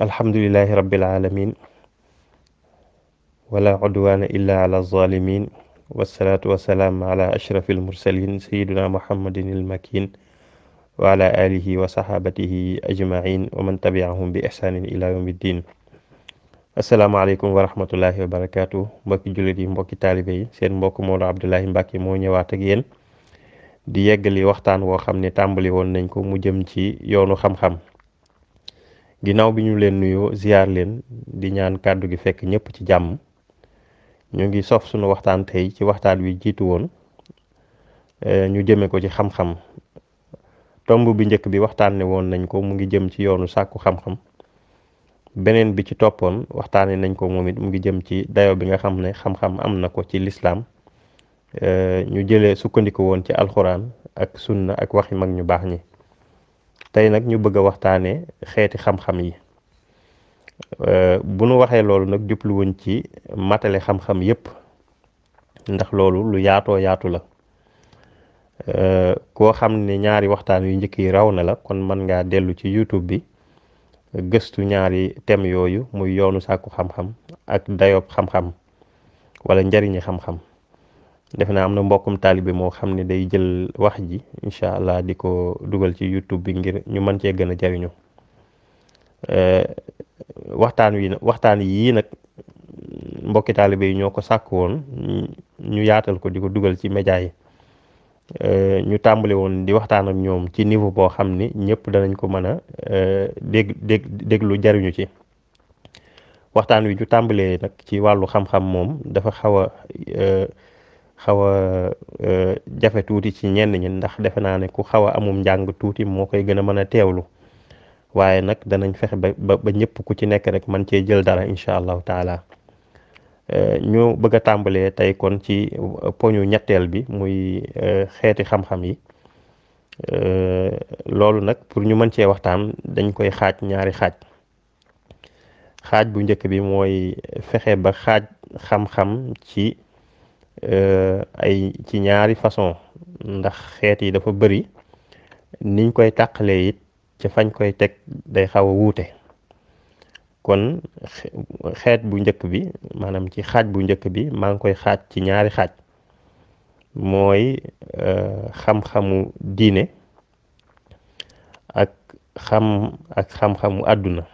alhamdulilahi rabbil alamin wala udwana illa ala zalimin wasalaatu wasalaam ala ashrafi almursalin sayiduna muhammadin almakin wa ala alihi wa sahabatihi ajmain wa man tabiahum bi ihsanin ila yawmi ddin asalaamaaleykum wa rahmatullahi wa barakatu mbokki jullit yi mbokki taalibe yi seen mbokk Maodo Abdoulaye Mbacke moo ñëwaat ak yéen di yeggali waxtaan woo xam ne tàmbali woon nañ ko mu jëm ci yoonu xam-xam ginnaaw bi ñu leen nuyoo ziyaar leen di ñaan kàddu gi fekk ñëpp ci jàmm ñu ngi sof sunu waxtaan tey ci waxtaan wi jiitu woon eh, ñu jëme ko ci xam-xam tomb bi njëkk bi waxtaane woon nañ ko mu ngi jëm ci yoonu sàkku xam beneen bi ci toppoon waxtaane nañ ko moom it mu ngi jëm ci dayo bi nga xam ne xam-xam am na ko ci lislaam eh, ñu jële sukkandiku woon ci alxuraan ak sunna ak waxi mag ñu baax ñi tey nag ñu bëgg a waxtaanee xeeti xam-xam yi euh, bu nu waxee loolu nag jubluwuñ ci matale xam-xam yépp ndax loolu lu yaatoo yaatu la euh, koo xam ne ñaari waxtaan yu njëkk yi raw na la kon mën ngaa dellu ci YouTube bi gëstu ñaari thèmes yooyu muy yoonu sàkku xam-xam ak dayob xam-xam wala njariñi xam-xam defe naa am na mbokkum taalibe moo xam ne day jël wax ji incha allah di ko dugal ci YouTube bi ngir ñu mën cee gën a jariñu eh, waxtaan wi waxtaan yii nag mbokki taalibe ñoo ko sàkk woon ñu yaatal ko di ko dugal ci média yi eh, ñu tàmbali woon di waxtaan ak ñoom ci niveau boo xam ni ñëpp danañ ko mën a eh, dégg dégg déglu jariñu ci waxtaan wi ñu tàmbalee nag ci wàllu xam-xam moom dafa xaw a xaw a euh, jafe tuuti ci ñenn ñi ndax defe naa ne ku xaw a amum njàng tuuti moo koy gën a mën a teewlu waaye nag danañ fexe ba ba ñëpp ku ci nekk rek man cee jël dara incha allahu taala euh, ñu bëgg a tàmbalee tey kon ci euh, poñu ñetteel bi muy xeeti xam-xam yi loolu nag pour ñu mën cee waxtaan dañ koy xaaj ñaari xaaj xaaj bu njëkk bi mooy fexe ba xaaj xam-xam ci Euh, ay ci ñaari façon ndax xeet yi dafa bëri niñ koy tàqalee it ci fañ koy teg day xaw a wuute kon xeet bu njëkk bi maanaam ci xaaj bu njëkk bi maa ngi koy xaaj ci ñaari xaaj mooy euh, xam-xamu diine ak xam ak xam-xamu àdduna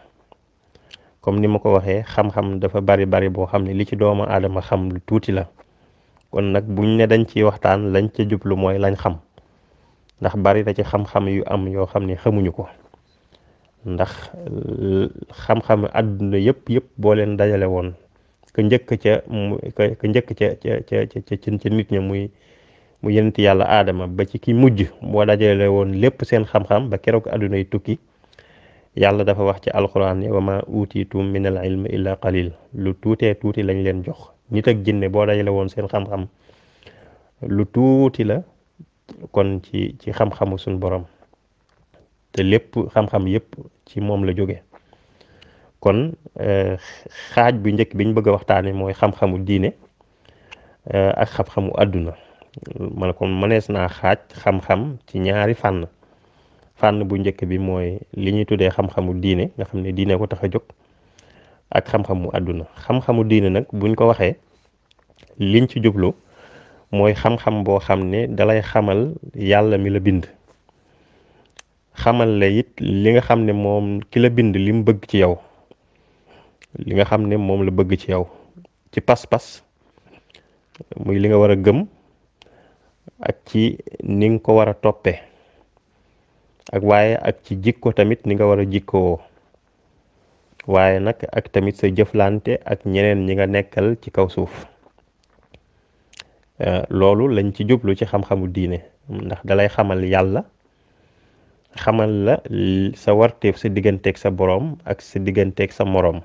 comme ni ma ko waxee xam-xam dafa bari bari boo xam ne li ci doomu aadama xam lu tuuti la kon nag buñ ne dañ ciy waxtaan lañ ca jublu mooy lañ xam ndax bari na ci xam-xam yu am yoo xam ne xamuñu ko ndax xam-xam adduna yëpp yëpp boo leen dajale woon ka njëkk ca mu ka njëkk ca ca ca ca nit ña muy mu yonent yàlla aadama ba ci ki mujj boo dajale woon lépp seen xam-xam ba keroog àdduna yi tukki yàlla dafa wax ci alxuraan ne wa ma utiitum min al ilmi illa qalil lu tuutee tuuti lañ leen jox ñu ak jinne boo dajale woon seen xam-xam lu tuuti la kon ci ci xam-xamu suñ borom te lépp xam-xam yépp ci moom la jóge kon eh, xaaj bu njëkk bi ñu bëgg a waxtaane mooy xam-xamu diine eh, ak xam-xamu àdduna ma ne kon mënees naa xaaj xam-xam ci ñaari fànn fànn bu njëkk bi mooy li ñuy tuddee xam-xamu diine nga xam ne diine ko tax a jóg ak xam-xamu àdduna xam-xamu diine nag buñ ko waxee liñ ci jublu mooy xam-xam boo xam ne dalay xamal yàlla mi la bind xamal la it li nga xam ne moom ki la bind li mu bëgg ci yow li nga xam ne moom la bëgg ci yow ci pas-pas muy li nga war a gëm ak ci ni nga ko war a toppe ak waaye ak ci jikko tamit ni nga war a jikkoo waaye nag ak tamit sa jëflante ak ñeneen ñi nga nekkal ci kaw suuf euh, loolu lañ ci jublu ci xam-xamu diine ndax dalay xamal yàlla xamal la sa warteef sa digganteeg sa boroom ak sa digganteeg sa moroom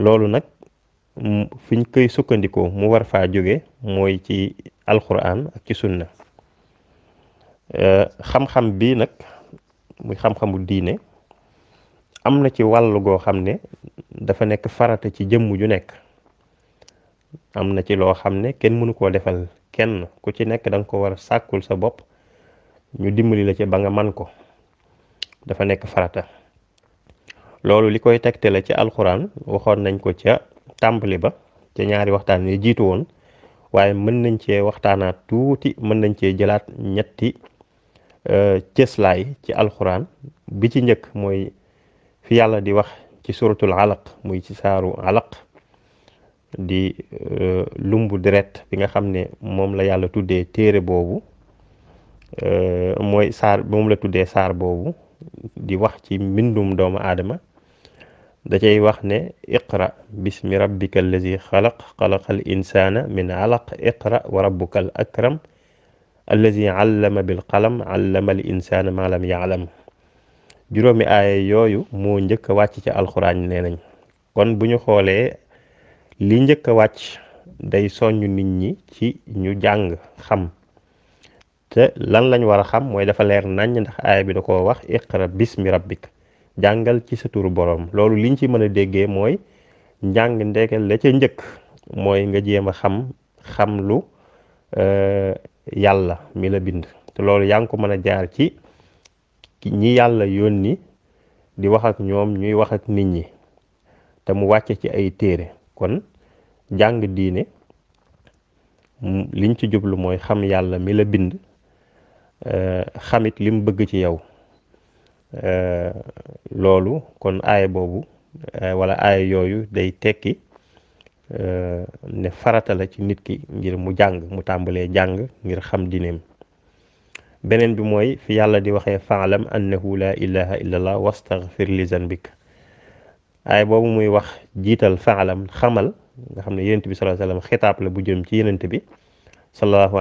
loolu nag fiñ koy sukkandikoo mu war faa jóge mooy ci alxuraan ak ci sunna euh, xam-xam bii nag muy xam-xamu diine am na ci wàll goo xam ne dafa nekk farata ci jëmm ju nekk am na ci loo xam ne kenn mënu koo defal kenn ku ci nekk danga ko war a sàkkul sa bopp ñu dimbali la ci ba nga man ko dafa nekk farata loolu li koy tegtale ci alxuraan waxoon nañ ko ca tàmbali ba ca ñaari waxtaan yi jiitu woon waaye mën nañ cee waxtaanaat tuuti mën nañ cee jëlaat ñetti euh, cëslaay ci alxuraan bi ci njëkk mooy fi yàlla di wax ci suratul alaq muy ci saaru alaq di euh, lumbu deret bi nga xam ne moom la yàlla tuddee téere boobu euh, mooy saar moom la tuddee saar boobu di wax ci mbindum doomu aadama da cay wax ne iqra bismi rabbika allazi xalaq xalaqal insana min alaq iqra wa rabbukal akram allazi allama bil qalam allama al insana ma lam yaalam juróomi aaya yooyu moo njëkk wàcc ci alxuraan nee nañ kon bu ñu xoolee li njëkk a wàcc day soññ nit ñi ci ñu jàng xam te lan lañ war a xam mooy dafa leer nàññ ndax aaya bi da ko wax iqra bismi rabbik jàngal ci sa turu borom loolu liñ ci mën a déggee mooy njàng ndeke la ca njëkk mooy nga jéem a xam xam lu euh, yàlla mi la bind te loolu yaa ngi ko mën a jaar ci ñi yàlla yónni di wax ak ñoom ñuy wax ak nit ñi te mu wàcce ci ay téere kon jàng diine liñ ci jublu mooy xam yàlla mi la bind euh, xamit lim bëgg ci yow euh, loolu kon aaya boobu euh, wala aaya yooyu day tekki ne faratala ci nit ki ngir mu jàng mu tàmbalee jàng ngir xam diineem beneen bi mooy fi yàlla di waxee faalam annahu laa la illa allah wastaghfir li zanbik ay boobu muy wax jiital faalam xamal nga xam ne yonent bi sallallahu alayhi bu jëm ci yonent bi sallallahu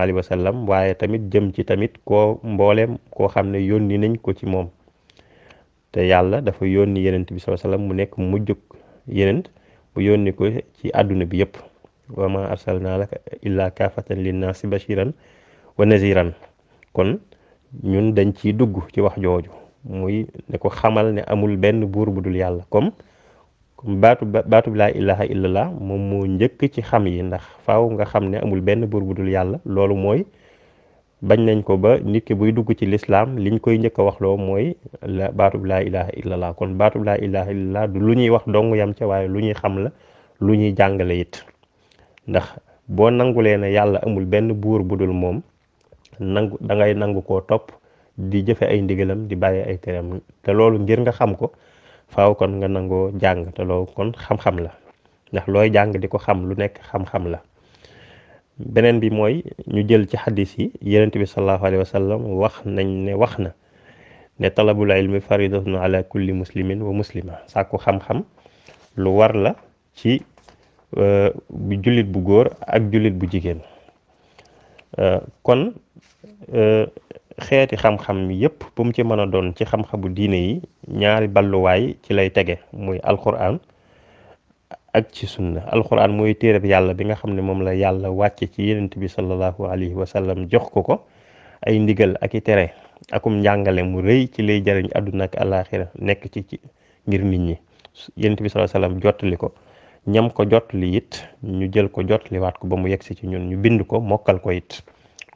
waaye tamit jëm ci tamit koo mbooleem koo xam ne yónni nañ ko ci moom te yàlla dafa yónni yonent bi sallallahu alayhi mu nekk mujjug yonent mu yónni ko ci àdduna bi yëpp wa ma arsalna laka illa kaafatan linnaasi bashiran wa naziran kon ñun dañ ciy dugg ci wax jooju muy ne ko xamal ne amul benn buur bu dul yàlla comme baatu baatu bi laa ilaha illallah moom moo njëkk ci xam yi ndax faw nga xam ne amul benn buur bu dul yàlla loolu mooy bañ nañ ko ba nit ki buy dugg ci lislaam liñ koy njëkk a waxloo mooy la baatu bi laa ilaha illallah kon baatu bi laa ilaha illallah lu ñuy wax dong yam ca waaye lu ñuy xam la lu ñuy jàngale it ndax boo nangulee ne yàlla amul benn buur bu dul moom nangu da nangu koo topp di jëfe ay ndigalam di bàyyi ay tereem te loolu ngir nga xam ko faaw kon nga nangoo jàng te loolu kon xam-xam la ndax looy jàng di ko xam lu nekk xam-xam la beneen bi mooy ñu jël ci xadis yi yonent bi sallallahu alayhi wa sallam wax nañ ne wax na ne talabul ilmi faridatun ala kulli muslimin wa muslima sàkku xam-xam lu war la ci euh, jullit bu góor ak jullit bu jigéen Euh, kon euh, xeeti xam-xam yépp bu mu ci mën a doon ci xam-xamu diine yi ñaari balluwaay ci lay tege mooy alquran ak ci sunna alquran mooy téereb yàlla bi nga xam ne moom la yàlla wàcce ci yenent bi sallallahu alayhi wa sallam jox ko ko ay ndigal ak i tere akum njàngale mu rëy ci lay jariñ àdduna ak àllaaxira nekk ci ci ngir nit ñi yenent bi sallallahu alayhi wa jottali ko ñam ko jot li it ñu jël ko jot liwaat ko ba mu yegsi ci ñun ñu bind ko mokkal ko it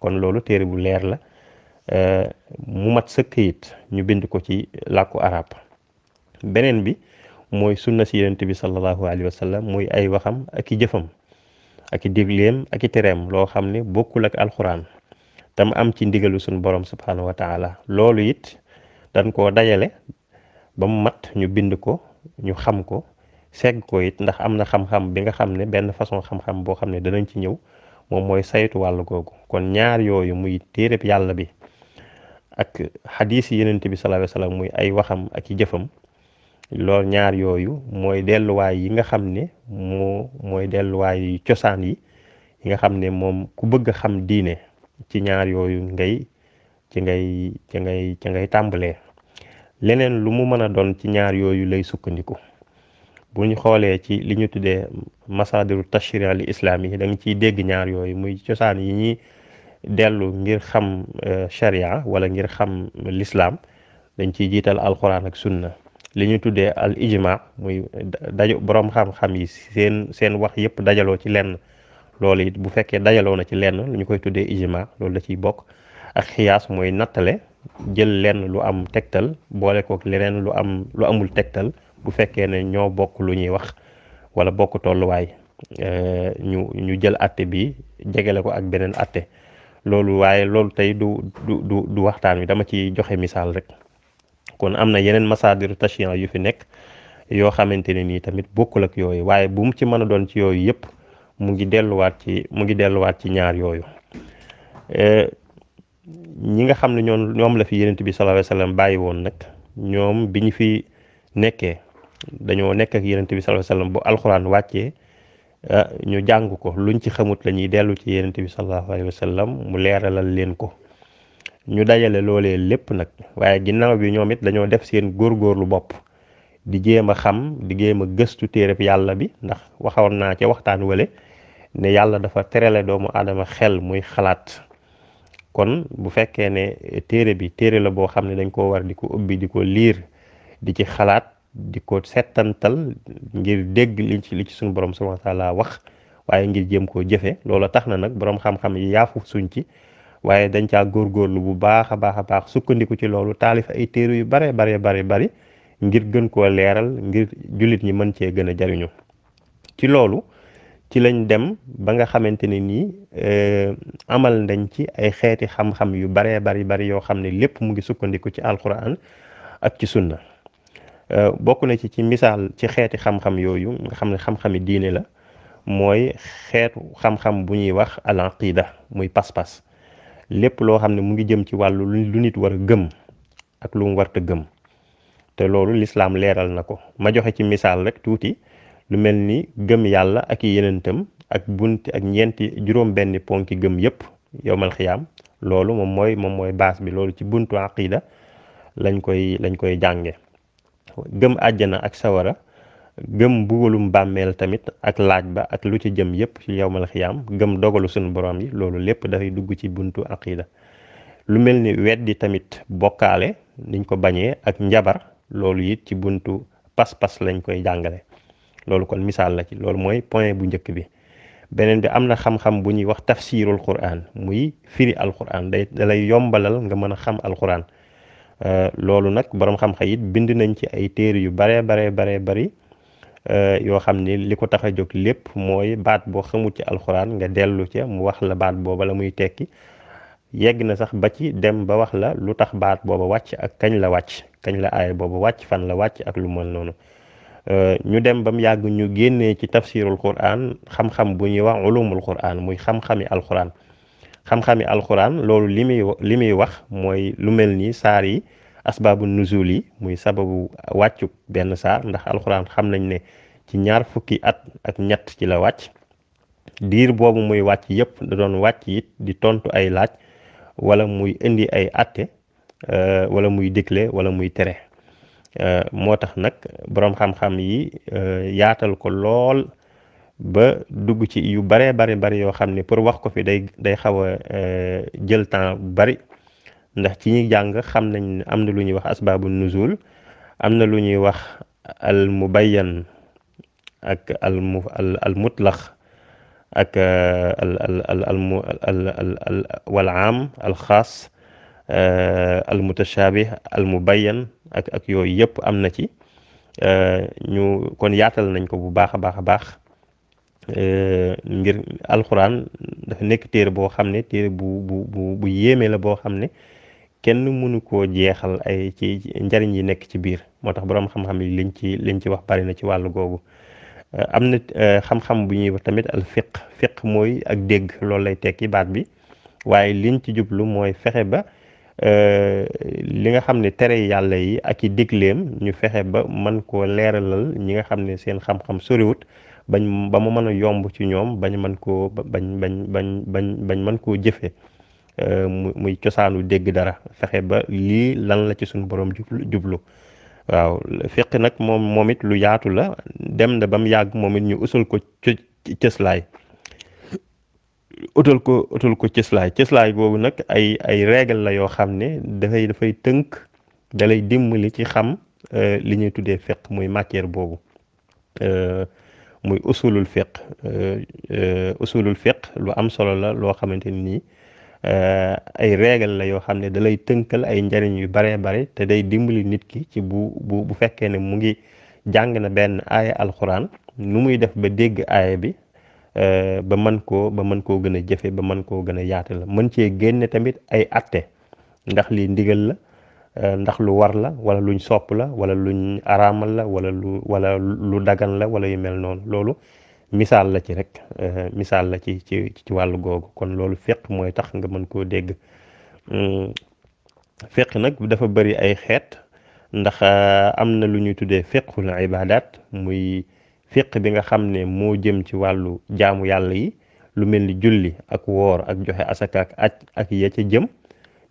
kon loolu téere bu leer la euh, mu mat sëkk it ñu bind ko ci làkku arab beneen bi mooy sunna si yonent bi sallallahu alayhi wa sallam ay waxam ak i jëfam ak i digleem ak i tereem loo xam ne bokkul ak alxuraan tam am ci ndigalu suñu borom subhanahu wa taala loolu it dañ koo dajale ba mu mat ñu bind ko ñu xam ko segg ko it ndax am na xam-xam bi nga xam ne benn façon xam-xam boo xam ne danañ ci ñëw moom mooy saytu wàll googu kon ñaar yooyu muy téereb yàlla bi ak xadiis yi yenent bi sallallahu alayhi muy ay waxam ak yi jëfam lool ñaar yooyu mooy delluwaay yi nga xam ne mooy delluwaay cosaan yi yi nga xam ne moom ku bëgg a xam diine ci ñaar yooyu ngay ci ngay ci ngay ci ngay tàmbalee leneen lu mu mën a doon ci ñaar yooyu lay sukkandiku bu ñu xoolee ci li ñu tuddee masadiru tashri' al islami da nga ciy dégg ñaar yooyu muy cosaan yi ñuy dellu ngir xam euh, sharia wala ngir xam lislaam dañ ciy jiital alxuraan ak sunna li ñu tuddee al ijma muy daj boroom xam yi seen seen wax yépp dajaloo ci lenn loolu it bu fekkee dajaloo na ci lenn lu ñu koy tuddee ijma loolu da ciy bokk ak xiyaas mooy nattale jël lenn lu am tegtal boole kook leneen lu am lu amul tegtal bu fekkee ne ñoo bokk lu ñuy wax wala bokk tolluwaay euh, ñu ñu jël atte bi jegele ko ak beneen atte loolu waaye loolu tey du du du waxtaan wi dama ci joxe misaal rek kon am na yeneen masadiru tashiyan yu fi nekk yoo xamante ne nii tamit bokkul ak yooyu waaye bu mu ci mën a doon ci yooyu yëpp mu ngi delluwaat ci mu ngi delluwaat ci ñaar yooyu euh, ñi nga xam ne ñoom ñoom la fi yenent bi sallallahu alayhi bàyyi woon nag ñoom bi ñu fi nekkee dañoo nekk ak yonent bi sallallahu alayhi wasallam bu alxuraan wàccee ah, ñu jàng ko luñ ci xamut lañuy dellu ci yonent bi sallallahu alayhi wasallam mu leeralal leen ko ñu dajale loolee lépp nag waaye ginnaaw bi ñoom it dañoo def seen góorgóorlu bopp di jéem a xam di jéem a gëstu bi yàlla bi ndax waxoon naa ci waxtaan wale ne yàlla dafa terale doomu aadama xel muy xalaat kon bu fekkee ne téere bi téere la boo xam ne dañ koo war di ko ubbi di ko liir di ci xalaat di ko settantal ngir dégg li ci li ci suñu borom subhanahu wax waaye ngir jéem koo jëfe loola tax na nag boroom xam-xam yi yaafu suñ ci waaye dañ caa góorlu bu baax a baax a baax sukkandiku ci loolu taalifa ay téere yu bare bare bare bari ngir gën koo leeral ngir jullit ñi mën cee gën a jariñu ci loolu ci lañ dem ba nga xamante ne nii euh, amal nañ ci ay xeeti xam-xam yu baree bari bari yoo xam ne lépp mu ngi sukkandiku ci alquran ak ci sunna Euh, bokk na ci ci missaal ci xeeti xam-xam yooyu nga xam ne xam-xami diine la mooy xeetu xam-xam bu ñuy wax al aqida muy pas-pas lépp loo xam ne mu ngi jëm ci wàllu lu nit war a gëm ak lu mu warta gëm te loolu lislaam leeral na ko ma joxe ci missaal rek tuuti lu mel ni gëm yàlla ak yenentam ak bunt ak ñeenti juróom benn ponki gëm yépp yowmal xiyaam loolu moom mooy moom mooy baas bi loolu ci buntu aqida lañ koy lañ koy jànge gëm àjjana ak sawara gëm mbugalum bàmmeel tamit ak laaj ba ak lu ci jëm yépp ci yowmal xiyaam gëm dogalu suñu borom yi loolu lépp dafay dugg ci buntu aqida lu mel ni weddi tamit bokkaale niñ ko bañee ak njabar loolu it ci buntu pas-pas lañ koy jàngale loolu kon misaal la ci loolu mooy point bu njëkk bi beneen bi am na xam-xam bu ñuy wax tafsirul quran muy firi alquran day dalay yombalal nga mën a xam alquran Euh, loolu nag borom xam-xam it bind nañ ci ay téere yu baree baree baree bari euh, yoo xam ni li ko tax a jóg lépp mooy baat boo xamut ci alxuraan nga dellu ca mu wax la baat booba la muy tekki yegg na sax ba ci dem ba wax la lu tax baat booba wàcc ak kañ la wàcc kañ la aay booba wàcc fan la wàcc ak lu mel noonu euh, ñu dem ba mu yàgg ñu génnee ci tafsirul quran xam-xam bu ñuy wax ulumul quran muy xam-xami alxuraan xam-xami alxuraan loolu li muy li muy wax mooy lu mel ni saar yi asbaabu nuzul yi muy sababu wàccu benn saar ndax alxuraan xam nañ ne ci ñaar fukki at ak ñett ci la wàcc diir boobu muy wàcc yépp da doon wàcc it di tontu ay laaj wala muy indi ay àtte euh, wala muy digle wala muy tere euh, moo tax nag borom xam-xam yi euh, yaatal ko lool ba dugg ci yu baree bari bari yoo xam ne pour wax ko fi day day xaw a euh, jël temps bari ndax ci ñi jàng xam nañ am na lu ñuy wax asbaabu nuzul am na lu ñuy wax al mubayyan ak al mu al al mutlax ak euh, al al al al mu al al wal aam al xaas euh, al mutashaabih al mubayyan ak ak yooyu yëpp am na ci ñu kon yaatal nañ ko bu baax a baax a baax. Euh, ngir alxuraan dafa nekk téere boo xam ne téere bu bu bu yéeme la boo xam ne kenn mënu ko jeexal ay ci njariñ yi nekk ci biir moo tax boroom xam-xam yi liñ ci liñ ci wax bari na ci wàllu googu euh, am na euh, xam-xam bu ñuy wax tamit al fiq fiq mooy ak dégg loolu lay tekki baat bi waaye liñ ci jublu mooy fexe ba li nga xam ne tere yàlla yi ak yi digleem ñu fexe ba mën koo leeralal ñi nga xam ne seen xam-xam soriwut bañ ba mu mën a yomb ci ñoom bañ mën koo bañ bañ bañ bañ bañ mën koo jëfee euh, mu muy cosaanu dégg dara fexe ba lii lan la ci suñu borom jublu waaw fiq nag moom moom it lu yaatu la dem na ba mu yàgg moom it ñu usul ko cëslaay utal ko utal ko cëslaay cëslaay boobu nag ay ay règle la yoo xam ne dafay dafay tënk dalay dimbali ci xam euh, li ñuy tuddee fiq muy matière boobu euh, muy usulul fiq euh, usulul fiq lu am solo la loo xamante nii euh, ay règle la yoo xam ne dalay tënkal ay njariñ yu baree bare te day dimbali nit ki ci bu bu fekkee ne mu ngi jàng na benn aaya alxuraan nu muy def ba dégg aaya bi euh, ba mën koo ba mën koo gën a jëfe ba mën koo gën a la mën cee génne tamit ay atte ndax lii ndigal la Euh, ndax lu war la wala luñ sopp la wala lu araamal la wala lu wala lu dagan la wala yu mel noonu loolu misaal la ci rek euh, misaal la ci ci ci wàllu googu kon loolu fiq mooy tax nga mën koo dégg hmm, fiq nag dafa bëri ay xeet ndax euh, am na lu ñuy tuddee fiqul ibadat muy fiq bi nga xam ne moo jëm ci wàllu jaamu yàlla yi lu mel ni julli ak woor ak joxe asaka ak aj ak ya jëm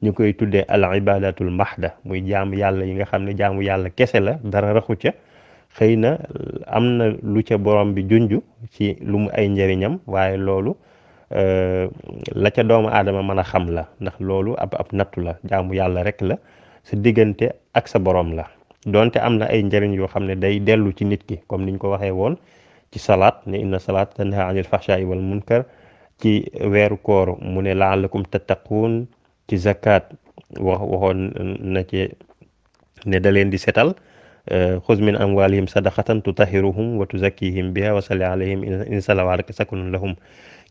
ñu koy tuddee al ibadatul mahda muy jaamu yàlla yi nga xam ne jaamu yàlla kese la dara raxu ca xëy na am na lu ca borom bi junj ci lu mu ay njëriñam waaye loolu euh, la ca doomu adama mën a xam la ndax loolu ab ab nattu la jaamu yàlla rek la sa diggante ak sa borom la donte am na ay njariñ yoo xam ne day dellu ci nit ki comme niñ ko waxee woon ci salaat ne inna salaat tanha anil fahshaai wal munkar ci weeru koor mu ne laalakum tattaquun ci zakat wax waxoon na ci ne da leen di setal euh, xuz min amwalihim sadaqatan tutahiruhum wa tuzakkihim biha wa salli alayhim in salawaataka sakunun lahum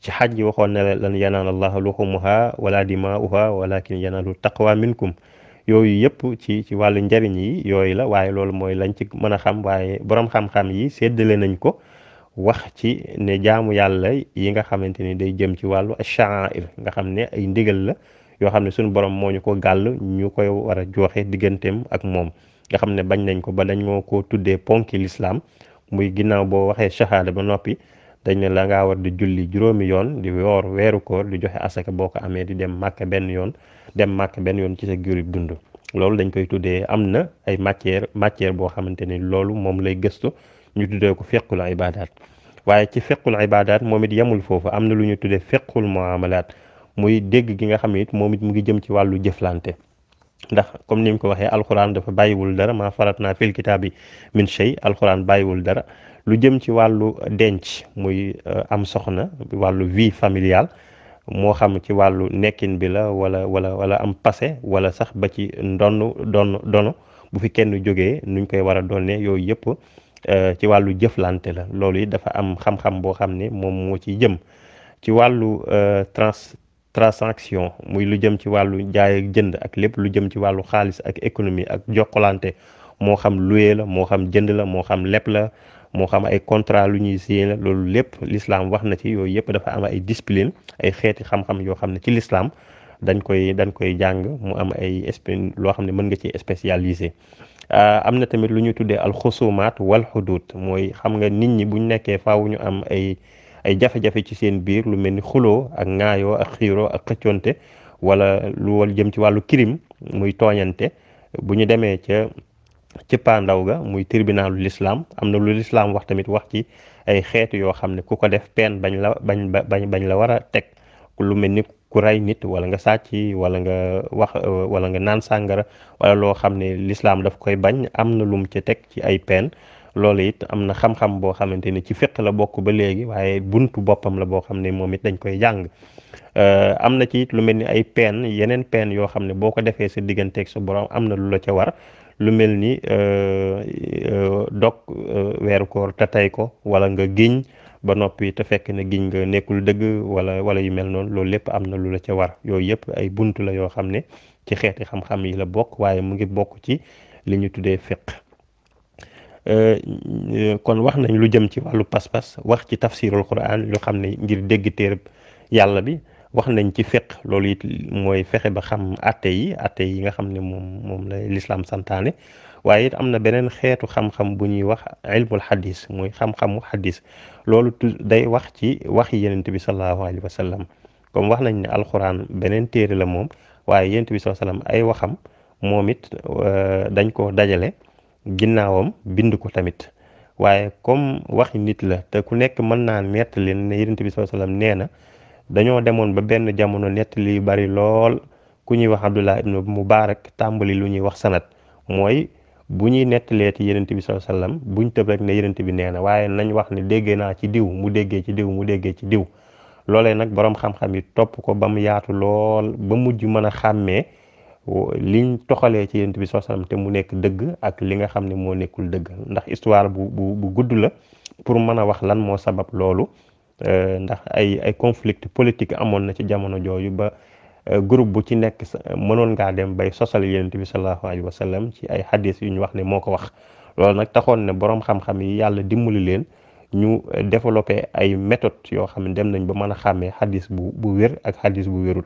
ci xaj waxoon na lan yanaal allaha luxumuha wala dimaauha walakin yanaalu taqwa minkum yooyu yëpp ci ci wàllu njariñ yi yooyu la waaye loolu mooy lañ ci mën a xam waaye borom xam-xam yi séddale nañ ko wax ci ne jaamu yàlla yi nga xamante ni day jëm ci wàllu sha'air nga xam ne ay ndigal la yoo xam ne suñu borom moo ñu ko gàll ñu koy war a joxe digganteem ak moom nga xam ne bañ nañ ko ba dañoo ko tuddee ponki lislaam muy ginnaaw boo waxee shahaada ba noppi dañ ne la ngaa war di julli juróomi yoon di woor weeru koor di joxe asaka boo ko amee di dem màkk benn yoon dem màkk benn yoon ci sa giirub dund loolu dañ koy tuddee am na ay matière matière boo xamante ni loolu moom lay gëstu ñu tuddee ko fiqul ibadat waaye ci fiqul ibadat moom it yemul foofu am na lu ñu tuddee fiqul muamalat muy dégg gi nga xam it moom it mu ngi jëm ci wàllu jëflante ndax comme ni mu ko waxee alxuraan dafa bàyyiwul dara maa farat naa fil kitaabi min shay alxuraan bàyyiwul dara lu jëm ci wàllu denc muy euh, am soxna wàllu vie familiale moo xam ci wàllu nekkin bi la wala wala wala am passé wala sax ba ci ndonn donn dono bu fi kenn jógee nuñ koy war a doonee yooyu yëpp euh, ci wàllu jëflante la loolu it dafa am xam-xam boo xam ne moom moo ciy jëm ci wàllu euh, trans transaction muy lu jëm ci wàllu jaay jënd ak lépp lu jëm ci wàllu xaalis ak économie ak jokkalante moo xam loué la moo xam jënd la moo xam lepp la moo xam ay contrat lu ñuy signé la loolu lépp lislaam wax na ci yooyu yëpp dafa am ay discipline ay xeeti yoo xam ne ci l'islam dañ koy dañ koy jàng mu am ay sp loo xam ne mën nga ci spécialisé euh, am na tamit lu ñu tuddee alxusumaat wal mooy xam nga nit ñi buñ nekkee faaw ñu am ay ay jafe-jafe ci seen biir lu mel ni xuloo ak ŋaayoo ak xiiroo ak xëccoonte wala lu wal jëm ci wàllu crime muy tooñante bu ñu demee ca cëppaandaw ga muy tribunalu lislaam am na lu lislaam wax tamit wax ci ay xeetu yoo xam ne ku ko def peen bañ la bañ bañ la war a teg lu mel ni ku ray nit wala nga sàcc wala nga wax wala nga naan sàngara wala loo xam ne lislaam daf koy bañ am na lum ca teg ci ay peen loolu it am na xam-xam boo xamante ni ci fiq la bokk ba léegi waaye buntu boppam la boo xam ne moom it dañ koy jàng euh, am na ci it lu mel ni ay peen yeneen peen yoo xam ne boo ko defee sa digganteeg sa borom am na lu la ca war lu mel ni euh, euh, dog weeru koor te tey ko wala nga giñ ba noppi te ne giñ nga nekkul dëgg wala wala yu mel noonu loolu lépp am na lu la ca war yooyu yëpp ay buntu la yoo xam ne ci xeeti xam-xam yi la bokk waaye mu ngi bokk ci li ñu tuddee fiq Euh, kon wax nañ lu jëm ci wàllu pas-pas wax ci tafsirul quran lu xam ne ngir dégg téereb yàlla bi wax nañ ci fiq loolu it mooy fexe ba xam atte yi atte yi nga xam ne moom moom la lislaam santaane waaye it am na beneen xeetu xam-xam bu ñuy wax ilmul xadis mooy xam-xamu xadis loolu day wax ci waxi yeneen bi sallallahu alayhi wa sallam comme wax nañ ne alxuraan beneen téere la moom waaye yenent bi sallallahu alayhi ay waxam moom it euh, dañ ko dajale ginnaawam bind ko tamit waaye comme waxi nit la te ku nekk mën naa nettali ne yonent bi sallallahu alayhi wasallam nee na dañoo demoon ba benn jamono nettali yu bari lool ku ñuy wax Abdullah ibnu Mubarak tàmbali lu ñuy wax sanat mooy bu ñuy nettalee ci yonent bi sallallahu alayhi wasallam buñ tëb rek ne yonent bi nee na waaye nañ wax ni déggee naa ci diw mu déggee ci diw mu déggee ci diw loolee nag boroom xam-xam yi topp ko ba mu yaatu lool ba mujj mën a xàmmee. liñ toxalee ci yonent bi sallallahu alayhi te mu nekk dëgg ak li nga xam ne moo nekkul dëgg ndax histoire bu bu bu gudd la pour mën a wax lan moo sabab loolu euh, ndax ay ay conflict politique amoon na ci jamono jooju ba euh, groupe bu ci nekk mënoon ngaa dem bay sosal yonent bi sallallahu alayhi wasallam ci ay hadis yu ñu wax ne moo ko wax loolu nag taxoon ne boroom xam-xam yi yàlla dimbali leen ñu euh, développé ay méthodes yoo xam ne dem nañ ba mën a xàmmee hadis bu bu wér ak hadis bu wérul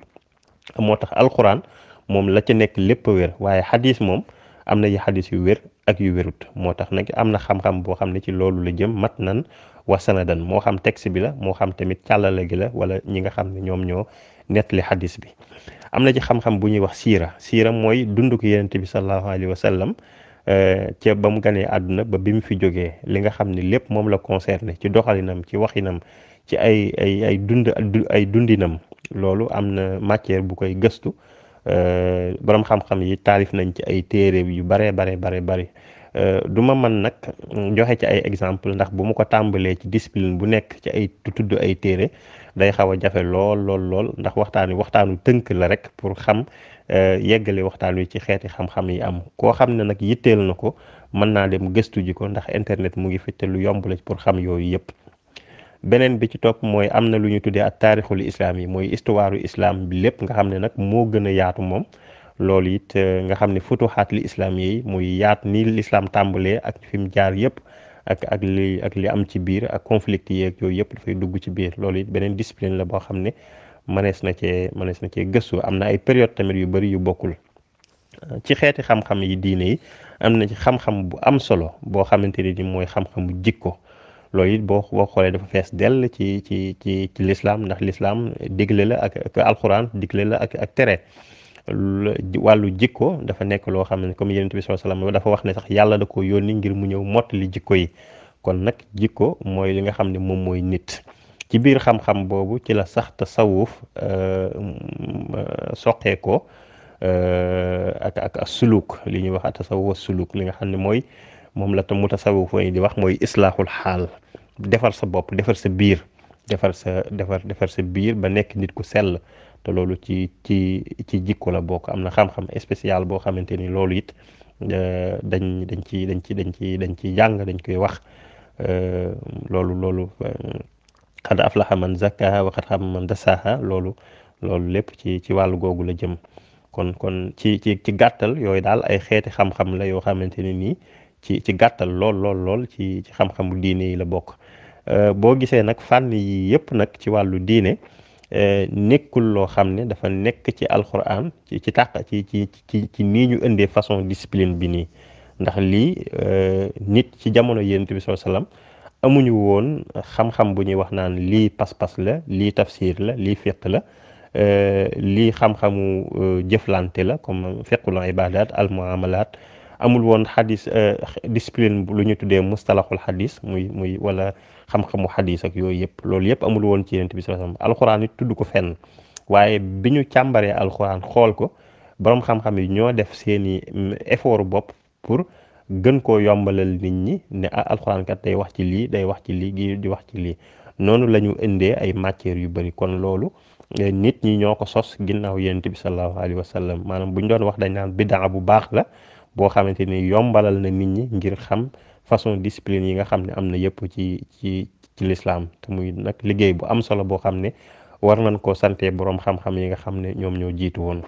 tax alxuraan. moom la ci nekk lépp wér waaye xadis moom am na yi xadis yu wér ak yu wérut moo tax nag am na xam-xam boo xam ne ci loolu la jëm mat nan wa sanadan moo xam texte bi la moo xam tamit càllala gi la wala ñi nga xam ne ñoom ñoo nettali xadis bi am na ci xam-xam bu ñuy wax siira siira mooy dund ko yenente bi sallallahu alayhi wa sallam euh, ca ba mu ganee àdduna ba bi mu fi jógee li nga xam ne lépp moom la concerné ci doxalinam ci waxinam ci ay ay ay dund ay dundinam loolu am na matière bu koy gëstu Euh, borom xam-xam yi taarif nañ ci ay téere yu bare bare bare bare euh, du ma mën nag joxe ci ay exemple ndax bu mu ko tàmbalee ci discipline bu nekk ci ay tudd ay téere day xaw a jafe lool lool lool ndax waxtaan wi waxtaanu tënk la rek pour xam euh, yeggalee waxtaan wi ci xeeti xam-xam yi am koo xam ne nag yitteel na ko mën naa dem gëstu ji ko ndax internet mu ngi fi te lu yomb pour xam yooyu yëpp. beneen bi ci topp mooy am na lu ñu tuddee ak taarixul islam yi mooy histoire islaam bi lépp nga xam ne nag moo gën a yaatu moom loolu it eh, nga xam ne futuxaat li islam yi muy yaat ni l'islam tàmbalee ak fi mu jaar yëpp ak ak li am ci biir ak conflict yeeg yooyu yëpp dafay dugg ci biir loolu it beneen discipline la boo xam ne mënees na cee mënees na cee gëstu am na ay période tamit yu bëri yu bokkul ci xeeti xam-xam yi diine yi am na ci xam-xam bu am solo boo xamante ne ni mooy xam-xamu jikko loolu it boo boo xoolee dafa fees dell ci ci ci lislaam ndax lislaam digle la ak ak alxuraan digle la ak ak tere wàllu jikko dafa nekk loo xam ne comme yonent bi sallallahu dafa wax ne sax yàlla da ko yónni ngir mu ñëw mottali jikko yi kon nag jikko mooy li nga xam ne moom mooy nit ci biir xam-xam boobu ci la sax tasawuf euh, soqee ko euh, ak ak ak suluk li ñuy wax tasawuf suluk li nga xam ne mooy moom la tam mutasawwifa yi di wax mooy islaaxul xaal defar sa bopp defar sa biir defar sa defar defar sa biir ba nekk nit ku sell te loolu ci ci ci jikko la bokk am na xam-xam spécial boo xamante ni loolu it euh, dañ dañ ci dañ ci dañ ci dañ ci jàng dañ koy wax euh, loolu loolu xad euh, aflaha man zakkaha wa xad xam man dasaha loolu loolu lépp ci ci wàllu googu la jëm kon kon ci ci ci gàttal yooyu daal ay xeeti xam-xam la yoo xamante ni nii ci ci gàttal lool lool lool ci ci xam-xamu diine yi la bokk euh, boo gisee nag fànn yi yëpp nag ci wàllu diine euh, nekkul loo xam ne dafa nekk ci alxuraan ci ci tàq ci ci ci ci nii ñu indee façon discipline bi nii ndax lii euh, nit ci jamono yonent bi sallallahu alayhi amuñu woon xam-xam bu ñuy wax naan lii pas-pas la lii tafsir la lii fiq la lii xam-xamu jëflante la comme fiqul ibadat al muamalat amul woon xadis euh, discipline lu ñu tuddee mustalaxul xadis muy muy wala xam-xamu xadis ak yooyu yëpp loolu yëpp amul woon ci yonent bi sallallahu alayhi wasallam alxuraan it tudd ko fenn waaye bi ñu càmbaree alxuraan xool ko boroom xam-xam yi ñoo def seeni mm, effort bopp pour gën koo yombalal nit ñi ne a ah, alxuraan kat day wax ci lii day wax ci lii di wax ci lii noonu la ñu indee ay matières yu bari kon loolu e, nit ñi ñoo ko sos ginnaaw yonent bi sallallahu alayhi wasallam maanaam bu doon wax dañ naan bidaa bu baax la boo xamante ni yombalal na nit ñi ngir xam façon discipline yi nga xam ne am na yëpp ci ci ci lislaam te muy nag liggéey bu am solo boo xam ne war nañ koo sante boroom xam-xam yi nga xam ne ñoom ñoo jiitu woon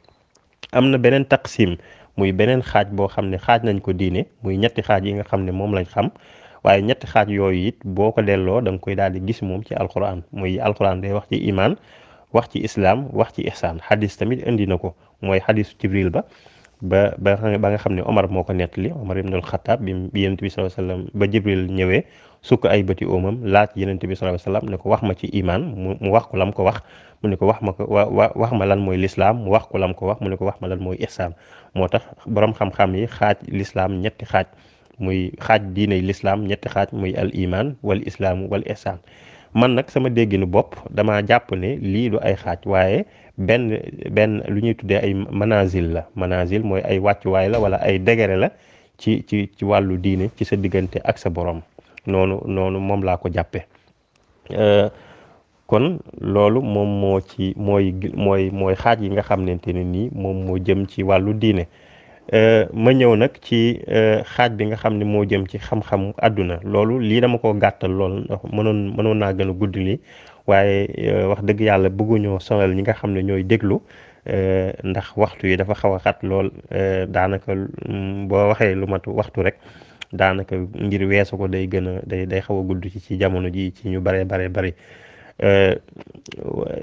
am na beneen taqsim muy beneen xaaj boo xam ne xaaj nañ ko diine muy ñetti xaaj yi nga xam ne moom lañ xam waaye ñetti xaaj yooyu it boo ko delloo da nga koy daal di gis moom ci alquran muy alquran day wax ci imaan wax ci islaam wax ci ihsaan xadis tamit indi na ko mooy xadisu jibril ba ba ba nga xam ne Omar moo ko nettali Omar ibnul Xataab bi bi yonent bi sallallahu alayhi ba Jibril ñëwee sukk ay bëti oomam laaj yonent bi sallallahu alayhi wasallam ne ko wax ma ci imaan mu wax ko lam ko wax mu ne ko wax ma ko wa wax ma lan mooy lislaam wax ko lam ko wax mu ne ko wax ma lan mooy ihsaan moo tax boroom xam-xam yi xaaj lislaam ñetti xaaj muy xaaj diiney lislaam ñetti xaaj muy al imaan wal islaamu wal ihsaan man nag sama dégginu bopp damaa jàpp ne lii du ay xaaj waaye benn benn lu ñuy tuddee ay manazil la manazil mooy ay wàccuwaay la wala ay degere la ci ci ci wàllu diine ci sa diggante ak sa borom noonu noonu moom laa ko jàppe euh, kon loolu moom moo ci mooy mooy mooy xaaj yi nga xamante ne nii moom moo jëm ci wàllu diine euh, ma ñëw nag ci euh, xaaj bi nga xam ne moo jëm ci xam-xamu àdduna loolu lii dama ko gàttal lool mënoon mënoon naa gën a guddi lii waaye euh, wax dëgg yàlla bëgguñoo sonal ñi nga xam ne ñooy déglu euh, ndax waxtu yi dafa xaw a xat lool euh, daanaka mm, boo waxee lu mat waxtu rek daanaka ngir weesu ko day gën a day day xaw a gudd ci ci jamono ji ci ñu bare bare bari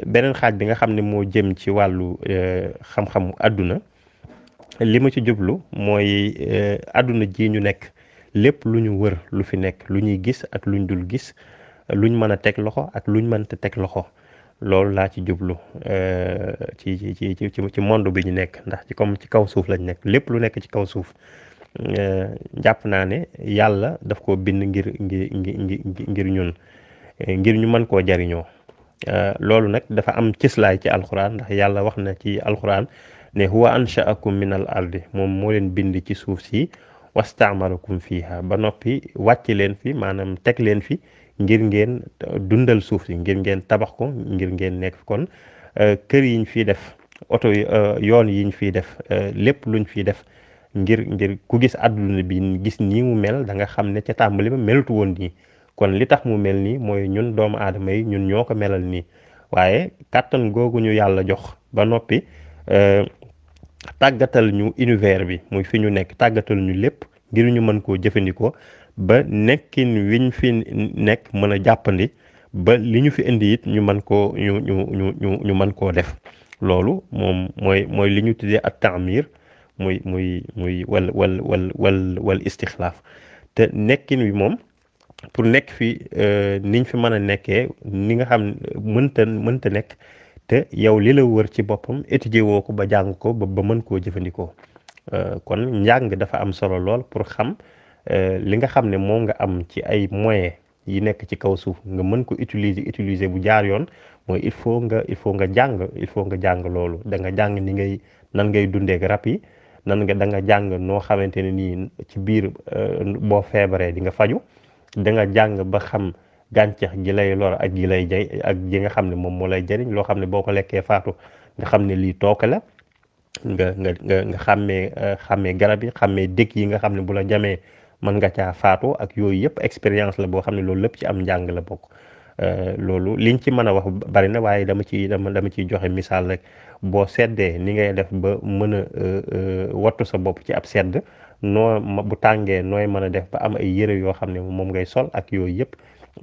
beneen xaaj bi nga xam ne moo jëm ci wàllu xam-xamu àdduna li ma ci jublu mooy àdduna ji ñu nekk lépp lu ñu wër lu fi nekk lu ñuy gis ak lu luñ dul gis luñ mën a teg loxo ak luñ mënta teg loxo loolu laa ci jublu euh, ci ci ci ci ci monde bi ñu nekk ndax ci comme ci kaw suuf lañ nekk lépp lu nekk ci kaw suuf euh, jàpp naa ne yàlla daf ko bind ngir ngir ngir ñun euh, ngir ñu mën koo jariñoo loolu nag dafa am cëslaay ci alxuraan ndax yàlla wax na ci alxuraan ne huwa anshaakum min al ardi moom moo leen bind ci suuf si wastaamarakum fiiha ba noppi wàcc leen fi maanaam teg leen fi ngir ngeen dundal suuf si ngir ngeen tabax ko ngir ngeen nekk kon euh, kër yiñ fiy def oto euh, yoon yiñ fiy def euh, lépp luñ fiy def ngir ngir ku gis àdduna bi gis nii mu mel da nga xam ne ca tàmbali ba melut woon nii kon li tax mu mel nii mooy ñun doomu aadama yi ñun ñoo ko melal nii waaye kàttan googu ñu yàlla jox ba noppi tàggatal ñu univers bi muy fi ñu nekk tàggatal ñu lépp ngir ñu mën koo jëfandikoo ba nekkin wiñ fi nekk mën a jàppandi ba li ñu fi indi it ñu man koo ñu ñu ñu ñu ñu mën koo def loolu moom mooy mooy li ñu tuddee ak taamiir muy muy muy wal wal wal wal wal istixlaaf te nekkin wi moom pour nekk fi euh, niñ fi mën a nekkee ni nga xam mënta mënta nekk te yow li la wër ci boppam étudier woo ko ba jàng ko ba ba mën koo jëfandikoo euh, kon njàng dafa am solo lool pour xam li nga xam ne moom nga am ci ay moyens yi nekk ci kaw suuf nga mën ko utiliser utiliser bu jaar yoon mooy il faut nga il nga jàng il faut nga jàng loolu jàng ni ngay nan ngay dundeek rab yi nan nga da nga jàng noo xamante ne nii ci biir euh, boo feebaree di nga faju da nga jàng ba xam gàncax gi lool lor ak gi lay jay ak gi nga xam ne moom moo lay jëriñ loo xam ne boo ko lekkee faatu nga xam ne lii tooke la nga nga nga nga xàmmee euh, xàmmee garab yi xàmmee dëkk yi nga xam ne bu la jamee mën nga caa faatu ak yooyu yëpp expérience la boo xam ne loolu lépp ci am njàng la bokk euh, loolu liñ ci mën a wax bari na waaye dama ci dama dama ciy joxe misaal rek boo seddee ni ngay def ba mën a euh, euh, wattu sa bopp ci ab sedd noo bu tàngee nooy mën a def ba am ay yëre yoo xam ne moom ngay sol ak yooyu yëpp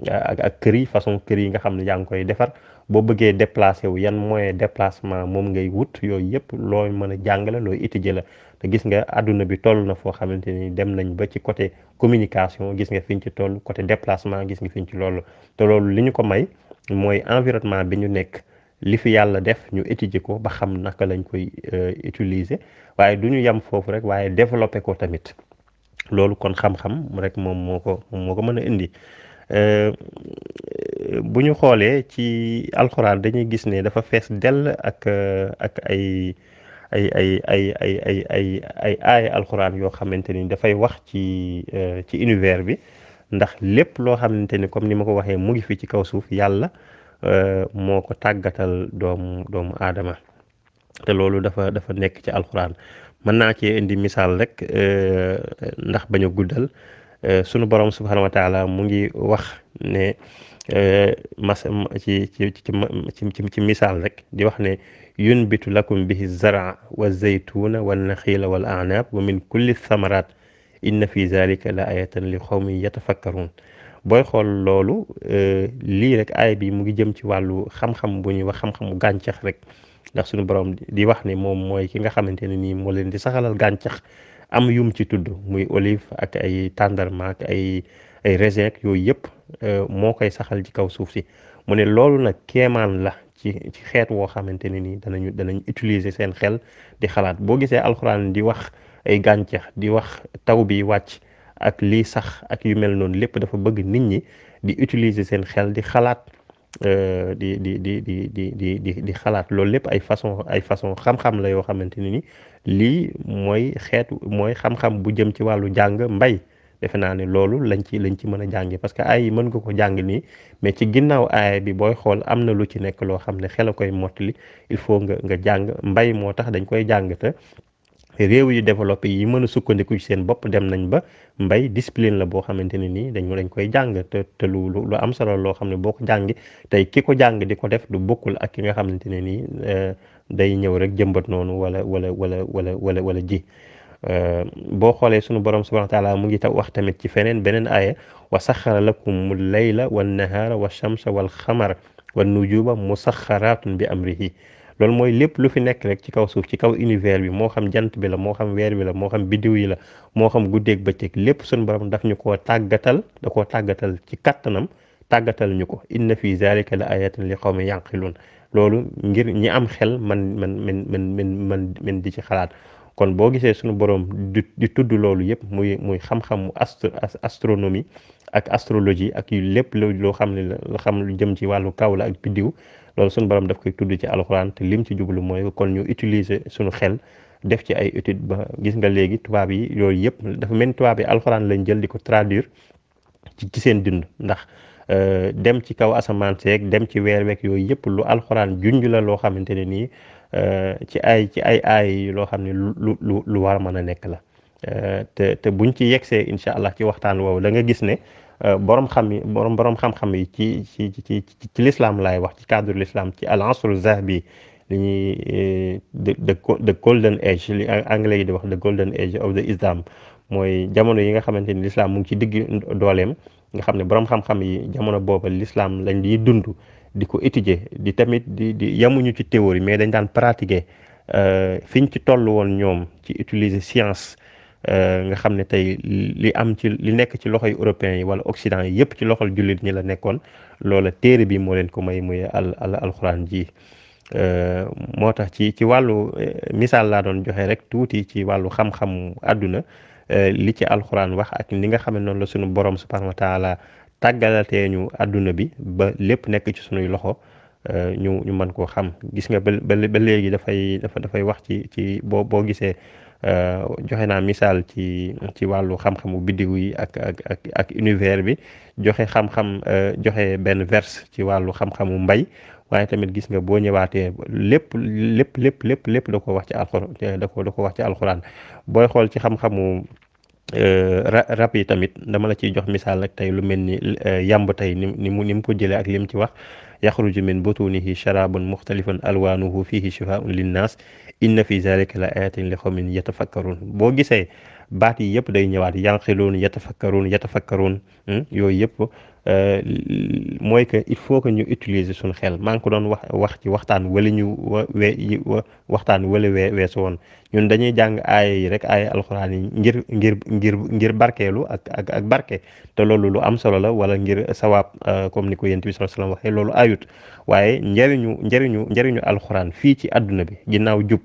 ak ak kër yi façon kër yi nga xam ne yaa koy defar boo bëggee déplacé wu yan moyen déplacement moom ngay wut yooyu yëpp loo mën a jàngale loo étudier la te gis nga àdduna bi toll na foo xamante ni dem nañ ba ci côté communication gis nga fiñ ci toll côté déplacement gis nga fiñ ci loolu te loolu li ñu ko may mooy environnement bi ñu nekk li fi yàlla def ñu étudier ko ba xam naka lañ koy euh, utiliser waaye du ñu yem foofu rek waaye développer ko tamit loolu kon xam rek moom moo ko ko mën a indi Euh, bu ñu xoolee ci alxuraan dañuy gis ne dafa fees dell ak euh, ak ay ay ay ay ay ay ay ay aaya alxuraan yoo xamante ni dafay wax ci euh, ci univers bi ndax lépp loo xamante ni comme ni ma ko waxee mu ngi fi ci kaw suuf yàlla moo ko tàggatal doomu doomu aadama te loolu dafa dafa nekk ci alxuraan mën naa cee indi misaal rek ndax bañ guddal sunu borom subhanahu wa mu ngi wax ne e, mas ci ci ci ci misaal rek di wax ne yunbitu lakum bihi zara wa zaytuna wa naxiila wal anab wa min kulli thamarat inna fi zalika la ayatan li xawmin yatafakkarun booy xool loolu e, lii rek aay bi mu ngi jëm ci wàllu xam-xam bu wax xam-xamu gàncax rek ndax suñu borom di wax ne moom mooy ki nga xamante ne nii moo leen di saxalal gàncax am yum ci tudd muy olive ak ay tàndarma ak ay ay raisin yooyu yëpp euh, moo koy saxal ci kaw suuf si mu ne loolu nag keemaan la ci ci xeet woo xamante ne nii danañu danañ utiliser seen xel di xalaat boo gisee alxuraan di wax ay gàncax di wax taw bi wàcc ak lii sax ak yu mel noonu lépp dafa bëgg nit ñi di utiliser seen xel di xalaat Euh, di di di di di di di di xalaat loolu lépp ay façon ay façon xam-xam la yoo xamante ne ni lii mooy xeetu mooy xam-xam bu jëm ci wàllu jàng mbay defe naa ni loolu lañ ci lañ ci mën a jàngi parce que ay yi mën nga ko jàng nii mais ci ginnaaw aaya bi booy xool am na lu ci nekk loo xam ne xel a koy mottali il faut nga nga jàng mbay moo tax dañ koy jàng te réew yu développé yi mën a sukkandiku ci seen bopp dem nañ ba mbay discipline la boo xamante ne nii dañu dañ koy jàng te te lu lu am solo loo xam ne boo ko jàngi tey ki ko jàng di ko def du bokkul ak ki nga xamante ne nii euh, day ñëw rek jëmbat noonu wala wala wala wala wala wala ji euh, boo xoolee sunu borom subhanahu wa taala mu ngi taw wax tamit ci feneen beneen aaya wa la lakum layla wan nahaara wa shamsa wal xamar wan nujuba musaxaraatun bi loolu mooy lépp lu fi nekk rek ci kaw suuf ci kaw univers bi moo xam jant bi la moo xam weer bi la moo xam biddiw yi la moo xam guddeeg bëccëg lépp suñu borom ndax ñu koo tàggatal da tàggatal ci kàttanam tàggatal ñu ko inna fi zalika la ayatin li xaw qawmi yanqilun loolu ngir ñi am xel man man man man man di ci xalaat kon boo gisee suñu borom di tudd loolu yëpp muy muy xam-xamu astronomie ak astrologie ak yu lépp loo xam ne la xam lu jëm ci wàllu kaw la ak biddiw loolu suñu baram daf koy tudd ci alxuraan te lim ci jublu mooy kon ñu utiliser sunu xel def ci ay étude ba gis nga léegi tubaab yi yooyu yëpp dafa mel tubaab yi alxuraan lañ jël ko traduire ci seen dund ndax euh, dem ci kaw asamaan dem ci weer weeg yooyu lu alxuraan junj la loo xamante ne nii euh, ci ay ci ay ay loo xam ne lu lu war a mën a nekk la euh, te te buñ ci see incha allah ci waxtaan woowu da nga gis ne. Euh, borom xam yi borom borom xam yi ci ci ci ci ci lislaam laay wax ci cadre lislaam ci al asru zahabi li ñuy the euh, the golden age li anglais yi di wax the golden age of the islam mooy jamono yi nga xamante ni lislaam mu ngi ci digg dooleem nga xam ne boroom xam-xam yi jamono booba lislaam lañ di dund di ko étudier di tamit di di yamuñu ci théorie mais dañ daan pratiquer euh, fiñ ci toll woon ñoom ci utiliser science Euh, nga xam ne tey li am ci li nekk ci loxo yi européens yi wala occident yi yëpp ci loxol jullit ñi la nekkoon loola téere bi moo leen ko may muy al al alxuraan ji euh, moo tax ci ci wàllu euh, misaal laa doon joxe rek tuuti ci wàllu xam-xamu àdduna li ci alxuraan wax ak ni nga xam noonu la suñu borom subhanahu wa taala tàggalatee ñu àdduna bi ba lépp nekk ci sunuy loxo ñu ñu mën koo xam gis nga ba léegi dafay dafa dafay wax ci ci bo boo gisee Euh, joxe naa misaal ci ci wàllu xam-xamu biddiw yi ak ak ak ak bi joxe xam-xam euh, joxe benn verse ci wàllu xam-xamu mbay waaye tamit gis nga boo ñëwaatee lépp lépp lépp lépp lépp da ko wax ci alxuraan da ko da ko wax ci alxuraan booy xool ci xam-xamu euh, rab yi tamit dama la ciy jox misaal rek tey lu mel ni yàmb tey ni ni mu ni mu ko jëlee ak lim ci wax yaxruju min butunihi sharabun muxtalifun alwaanuhu fihi shifaun linnaas inna fi zalika la ayatin li xawmin yatafakkarun boo gisee baat yi yëpp day ñëwaat yanqiluun yatafakkarun yatafakkarun hmm, yooyu yëpp euh, mooy que il faut que ñu utiliser suñu xel maa ngi ko doon wax wax ci waxtaan wala ñu wa waxtaan wala wee weesu ñun dañuy jàng aaya rek aaya alxuraan ngir ngir ngir ngir barkeelu ak ak ak barke te loolu lu am solo la wala ngir sawaab euh, comme ni ko yent bi sallallahu waxee loolu ayut waaye njëriñu njëriñu njëriñu alxuraan fii ci àdduna bi ginnaaw jub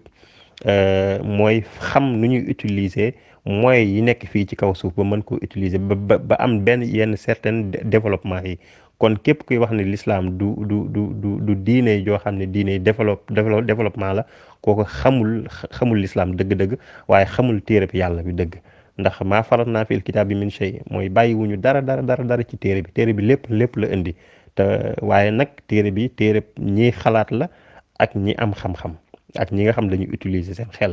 Euh, mooy xam nu ñuy utiliser mooy yi nekk fii ci kaw suuf ba mën koo utiliser ba ba am benn yenn certain développement yi kon képp kuy wax ne lislaam du du du du du diine joo xam ne diine développe développement la kooku xamul xamul l'islam dëgg-dëgg waaye xamul téere bi yàlla bi dëgg ndax maa farat naa fi alkitaab bi min sey mooy bàyyiwuñu dara dara dara dara ci téere bi téere bi lépp lépp la indi te waaye nag téere bi téere ñii xalaat la ak ñii am xam-xam ak ñi nga xam dañuy utiliser seen xel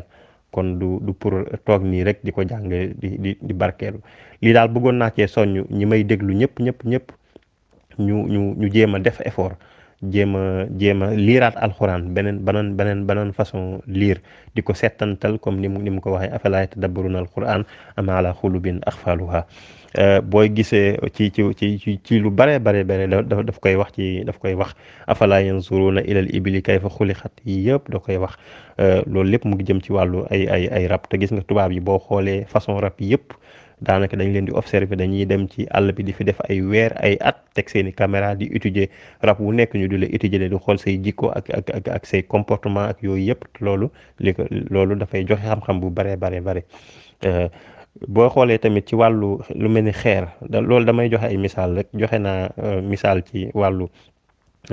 kon du du pour toog nii rek di ko jàng di di di barkeelu lii daal bëggoon naa cee ñu ñi may déglu ñëpp ñëpp ñëpp ñu ñu ñu jéem a def effort jéem a jéem a liiraat alxuraan beneen beneen beneen beneen façon liir di ko settantal comme ni mu ni mu ko waxee afala yatadabbaruna alxuraan am ala xulubin axfaluha Euh, booy gisee ci ci ci ci lu bare bare bare da daf koy wax ci daf koy wax afala yanzuruna ilal ibili kayfa xuliqat yi yëpp da koy wax euh, loolu lépp mu ngi jëm ci wàllu ay ay ay rab te gis nga tubaab yi boo xoolee façon rab yëpp daanaka dañ leen di observer dañuy dem ci àll bi di fi def ay weer ay at teg seeni caméra di étudier rab wu nekk ñu di la étudier di xool say jikko ak ak ak ak comportement ak yooyu yëpp loolu li loolu dafay joxe xam-xam bu bare bare bare euh, boo xoolee tamit ci wàllu lu mel ni xeer da loolu damay joxe ay misaal rek joxe na euh, misaal ci wàllu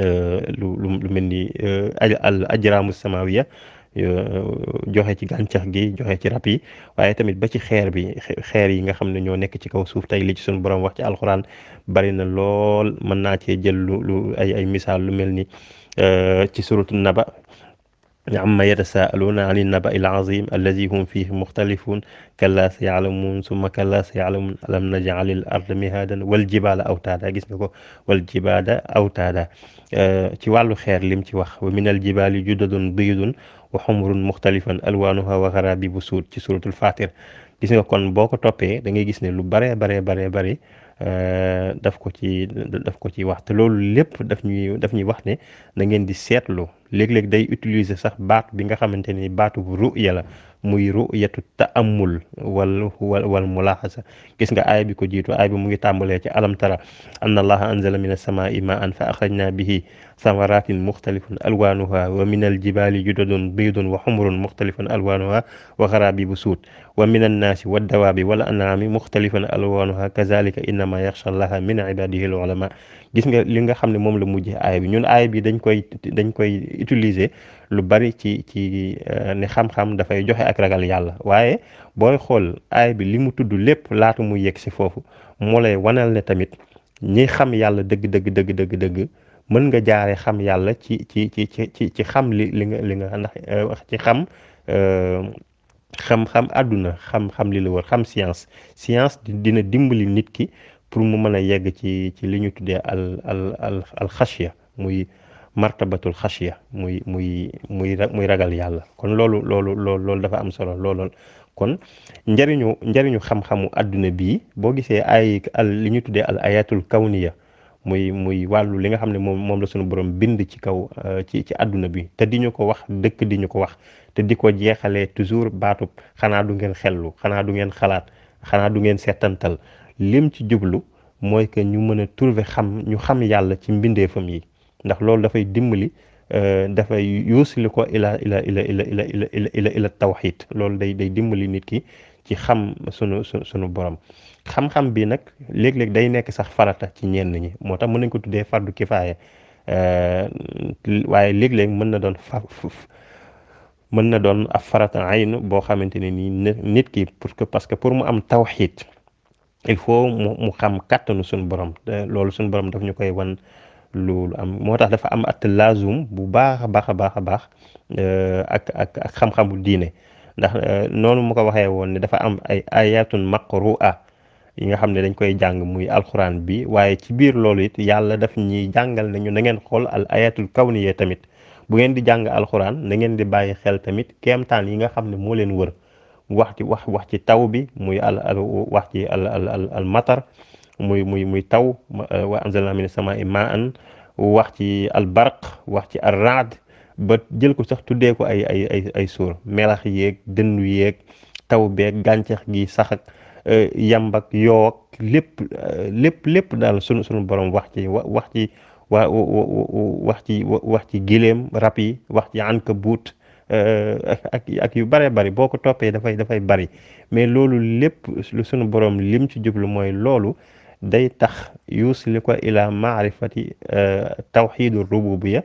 euh, lu lu mel ni euh, al ajraamu samawiya joxe ci gàncax gi joxe ci rab yi waaye tamit ba ci xeer bi xeer yi nga xam ne ñoo nekk ci kaw suuf tey li ci suñu borom wax ci alxuraan bari na lool mën naa cee jël lu lu ay ay misaal lu mel ni ci suratu naba amma yatasaaluuna an innaba il azim alladi hum fihi muxtalifuun kalla sa yaalamuun summa kalla sa yaalamuun alam najalil arda mihaadan wal jibaala awtaada gis nga ko wal jibaada awtaada ci wàllu xeer lim ci wax wa minal jibaali juddadun biidun wa xumrun muxtalifan alwaanuha wa garaabi bu suud ci suratul fatir gis nga kon boo ko toppee da ngay gis ne lu baree baree baree bare Euh, daf ko ci daf ko ci wax te loolu lépp daf ñuy daf ñuy wax ne da ngeen di seetlu léeg day utiliser sax baat bi nga xamante ni baatu bu ruya muy ru'yatu ta'ammul wal wal mulaaxasa gis nga aay bi ko jiitu aay mu ngi tàmbalee ci alam tara anna allaha anzala min as-samaa'i maa'an fa akhrajna bihi mu mukhtalifun alwaanuha wa min aljibali judadun biidun wa humrun mukhtalifun alwaanuha wa gharabiibu suud wa min annaasi waddawaabi wal an'aami mukhtalifun alwaanuha kazalika innama yaxsha allaha min ibadihi al ulama gis nga li nga xam ne moom la mujjee aay bi ñun aay bi dañ koy dañ koy utiliser lu bari ci ci euh, ne xam-xam dafay joxe ak ragal yàlla waaye booy xool aay bi li mu tudd lépp laatu mu yegg si foofu moo lay wanal ne tamit ñi xam yàlla dëgg dëgg dëgg dëgg mën nga jaare xam yàlla ci ci ci ci ci xam li li nga li nga ndax euh, ci xam euh, xam-xam àdduna xam-xam li la war xam science science dina dimbali nit ki pour mu mën a yegg ci ci li ñu tuddee al al al alxashiya muy martabatul xashiya muy muy muy muy ragal yàlla kon loolu loolu loolu loolu dafa am solo loolool kon njëriñu njëriñu xam-xamu àdduna bi boo gisee ay li ñu tuddee al ayatul kawniya muy muy wàllu li nga xam ne moom moom la suñu borom bind ci kaw euh, ci ci àdduna bi te di ñu ko wax dëkk di ñu ko wax te di ko jeexalee toujours baatub xanaa du ngeen xellu xanaa du ngeen xalaat xanaa du ngeen seetantal lim ci jublu mooy que ñu mën a trouver xam ñu xam yàlla ci mbindeefam yi ndax loolu dafay dimbali euh, dafa yuusili ko ila ila ila ila ila loolu day day dimbali nit ki ci xam sunu su sunu borom xam-xam bi nag léeg-léeg day nekk sax farata ci ñenn ñi moo tax mën nañ ko tuddee fardu kifaaya euh, waaye léeg-léeg mën na doon fa mën na doon ab farata aynu boo xamante ne nii nit ki pour que parce que pour mu am tawxiid il faut mu mu xam kàttanu suñu borom euh, loolu suñu borom daf ñu koy wan loolu am moo tax dafa am at laazum bu baax a baax a baax a baax euh, ak ak ak xam-xamu diine ndax euh, noonu mu ko waxee woon ne dafa am ay ayatun maqru'a yi nga xam ne dañ koy jàng muy alxuraan bi waaye ci biir loolu it yàlla daf ñuy jàngal nañu na ngeen xool al ayatul kawniya tamit bu ngeen di jàng alxuraan na ngeen di bàyyi xel tamit keemtaan yi nga xam ne moo leen wër wax ci wax wax ci taw bi muy al al wax ci al al al matar muy muy muy taw euh, wa anzalna min samaa'i ma'an wax ci albarq wax ci arraad ba jël ko sax tuddee ko ay ay ay ay suur melax yeeg dënnu yeeg taw beeg gàncax gi saxak ak euh, yamb ak yoo ak lépp euh, lépp lépp daal sunu sunu borom wax ci wax ci wa wax ci wax ci gileem rab yi wax ci ankabuut ak ak yu bëree bari boo ko toppee dafay dafay bëri mais loolu lépp lu sunu borom lim ci jublu mooy loolu day tax yusilika ila maarifati euh, tawxidu rububiya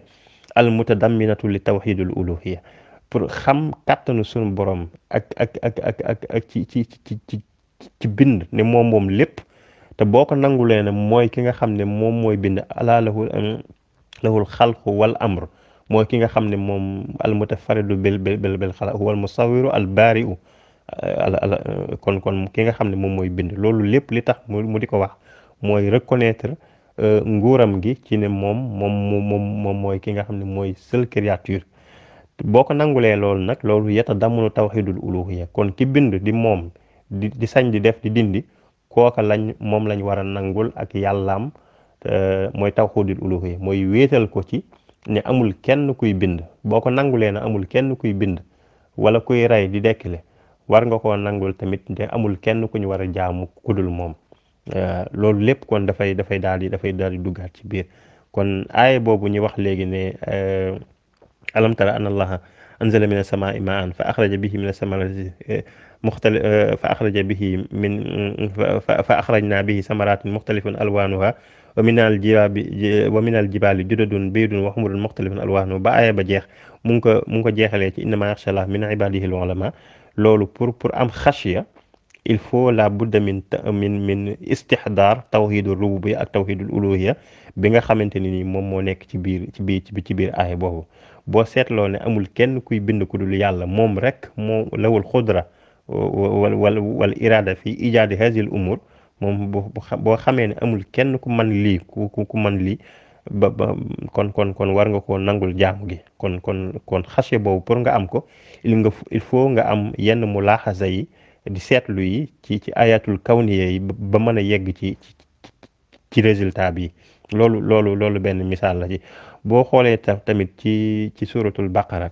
al mutadaminatu li tawxidul uluhiya pour xam kattanu sunu borom ak ak ak ak ak ak ci ci ci ci bind ne moom moom lépp te boo ko nangulee ne mooy ki nga xam ne moom mooy bind alaa lahul lahul wal amr mooy ki nga xam ne moom al mutafaridu bil bil bil xalaq wal musawiru al baariu euh, al euh, kon kon ki nga xam ne moom mooy bind loolu lépp li tax mu di ko wax mooy reconnaître euh, nguuram gi ci ne moom moom moom moom mooy ki nga xam ne mooy seule boo ko nangulee loolu nag loolu yeta damunu tawxidul uluhiya kon ki bind di moom di di sañ di def di dindi kooka lañ moom lañ war a nangul ak yàllaam euh, mooy taw tawxidul uluhiya mooy wéetal ko ci ne amul kenn kuy bind boo ko nangulee na amul kenn kuy bind wala kuy rey di dekkile war nga koo nangul tamit te amul kenn ku ñu war a jaamu kudul moom Euh, loolu lépp kon dafay dafay daal di dafay daal di duggaat ci biir kon aaya boobu ñu wax léegi ne euh, alam tara an allaha anzala min as-samaa'i ma'an fa axraja bihi min as-samarati euh, muxtali fa axraja bihi min fa axrajna bihi samaratin muxtalifun alwanuha wa min al jibaabi wa min al jibaali judadun baydun wa xumurun muxtalifun alwanuha ba aaya ba jeex mu ngi ko mu ngi ko jeexalee ci innama yaxsha allah min ibadihi al ulama loolu pour pour am xashiya il faut la budda min min min istixdaar tawhidul rububiya ak tawhidul uluhiya bi nga xamante ni nii moom moo nekk ci biir ci biir ci biir aaya boobu boo seetloo ne amul kenn kuy bind ku dul yàlla moom rek moo lawul xudra wal wal wal iraada fi ijaadi hazil umur moom boo xamee ne amul kenn ku man lii ku ku man lii ba kon kon kon war nga koo nangul jaamu gi kon kon kon xase boobu pour nga am ko il nga il faut nga am yenn mulaaxasa yi di seetlu yi ci ci ayatul kawniya yi ba mën a yegg ci ci résultat bi loolu loolu loolu benn misaal la ci boo xoolee tamit ci ci suratul baqara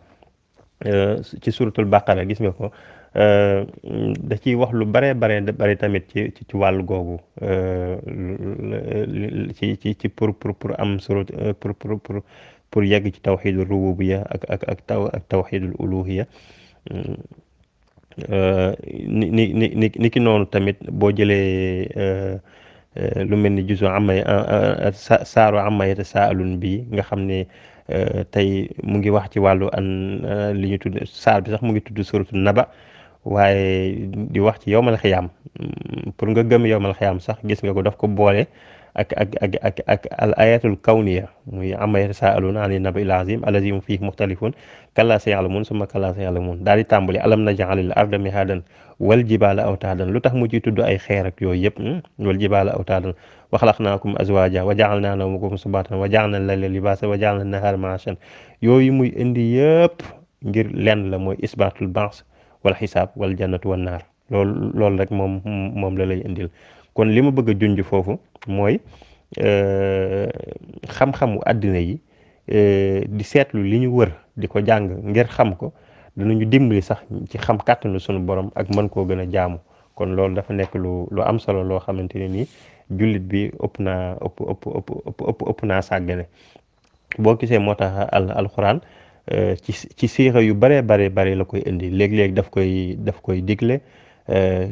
euh, ci suratul baqara gis nga ko euh, da ciy wax lu bare bare bari tamit ci ci wàllu googu euh, ci ci ci pour pour pour am surat pour pour pour yegg ci tawxidul rububiya ak ak ak taw ak tawxidul uluhiya Euh, ni ni ni ki noonu tamit boo jëlee euh, euh, lu mel ni juso amay saaru amay te saalun bi nga xam ne tey mu ngi wax ci wàllu an li ñu tudd saar bi sax mu ngi tudd suratu naba waaye di wax ci yowmal xiyaam mm, pour nga gëm yowmal xiyaam sax gis nga ko daf ko boole ak ak ak ak ak al ayatul kawniya muy amma yatasaaluna ani nabil azim allazi hum fihi muxtalifun kalla sa ya'lamun summa kalla sa ya'lamun daal di tàmbali alam naj'alil arda mihadan wal jibaala awtaadan lu tax mu ciy tudd ay xeer ak yooyu yëpp hmm? wal jibaala awtaadan wa xalaqnaakum azwaaja wa ja'alnaa nawmakum subaatan wa ja'alnaa layla libaasa wa ja'alnaa nahaara ma'ashan yooyu muy indi yëpp ngir lenn la mooy isbaatul ba's wal xisaab wal jannatu wan naar loolu loolu rek moom moom la lay indil kon li mu bëgg a junj foofu mooy euh, xam-xamu àddina yi euh, di seetlu li ñu wër di ko jàng ngir xam ko danañu dimbali sax ci xam kàttanu sunu borom ak man koo gën a jaamu kon loolu dafa nekk lu lu am solo loo xamante ne nii jullit bi ëpp na ëpp ëpp naa sàggane boo gisee moo tax al alxuraan euh, ci ci siixa yu bare bare bare la koy indi léeg-léeg daf koy daf koy digle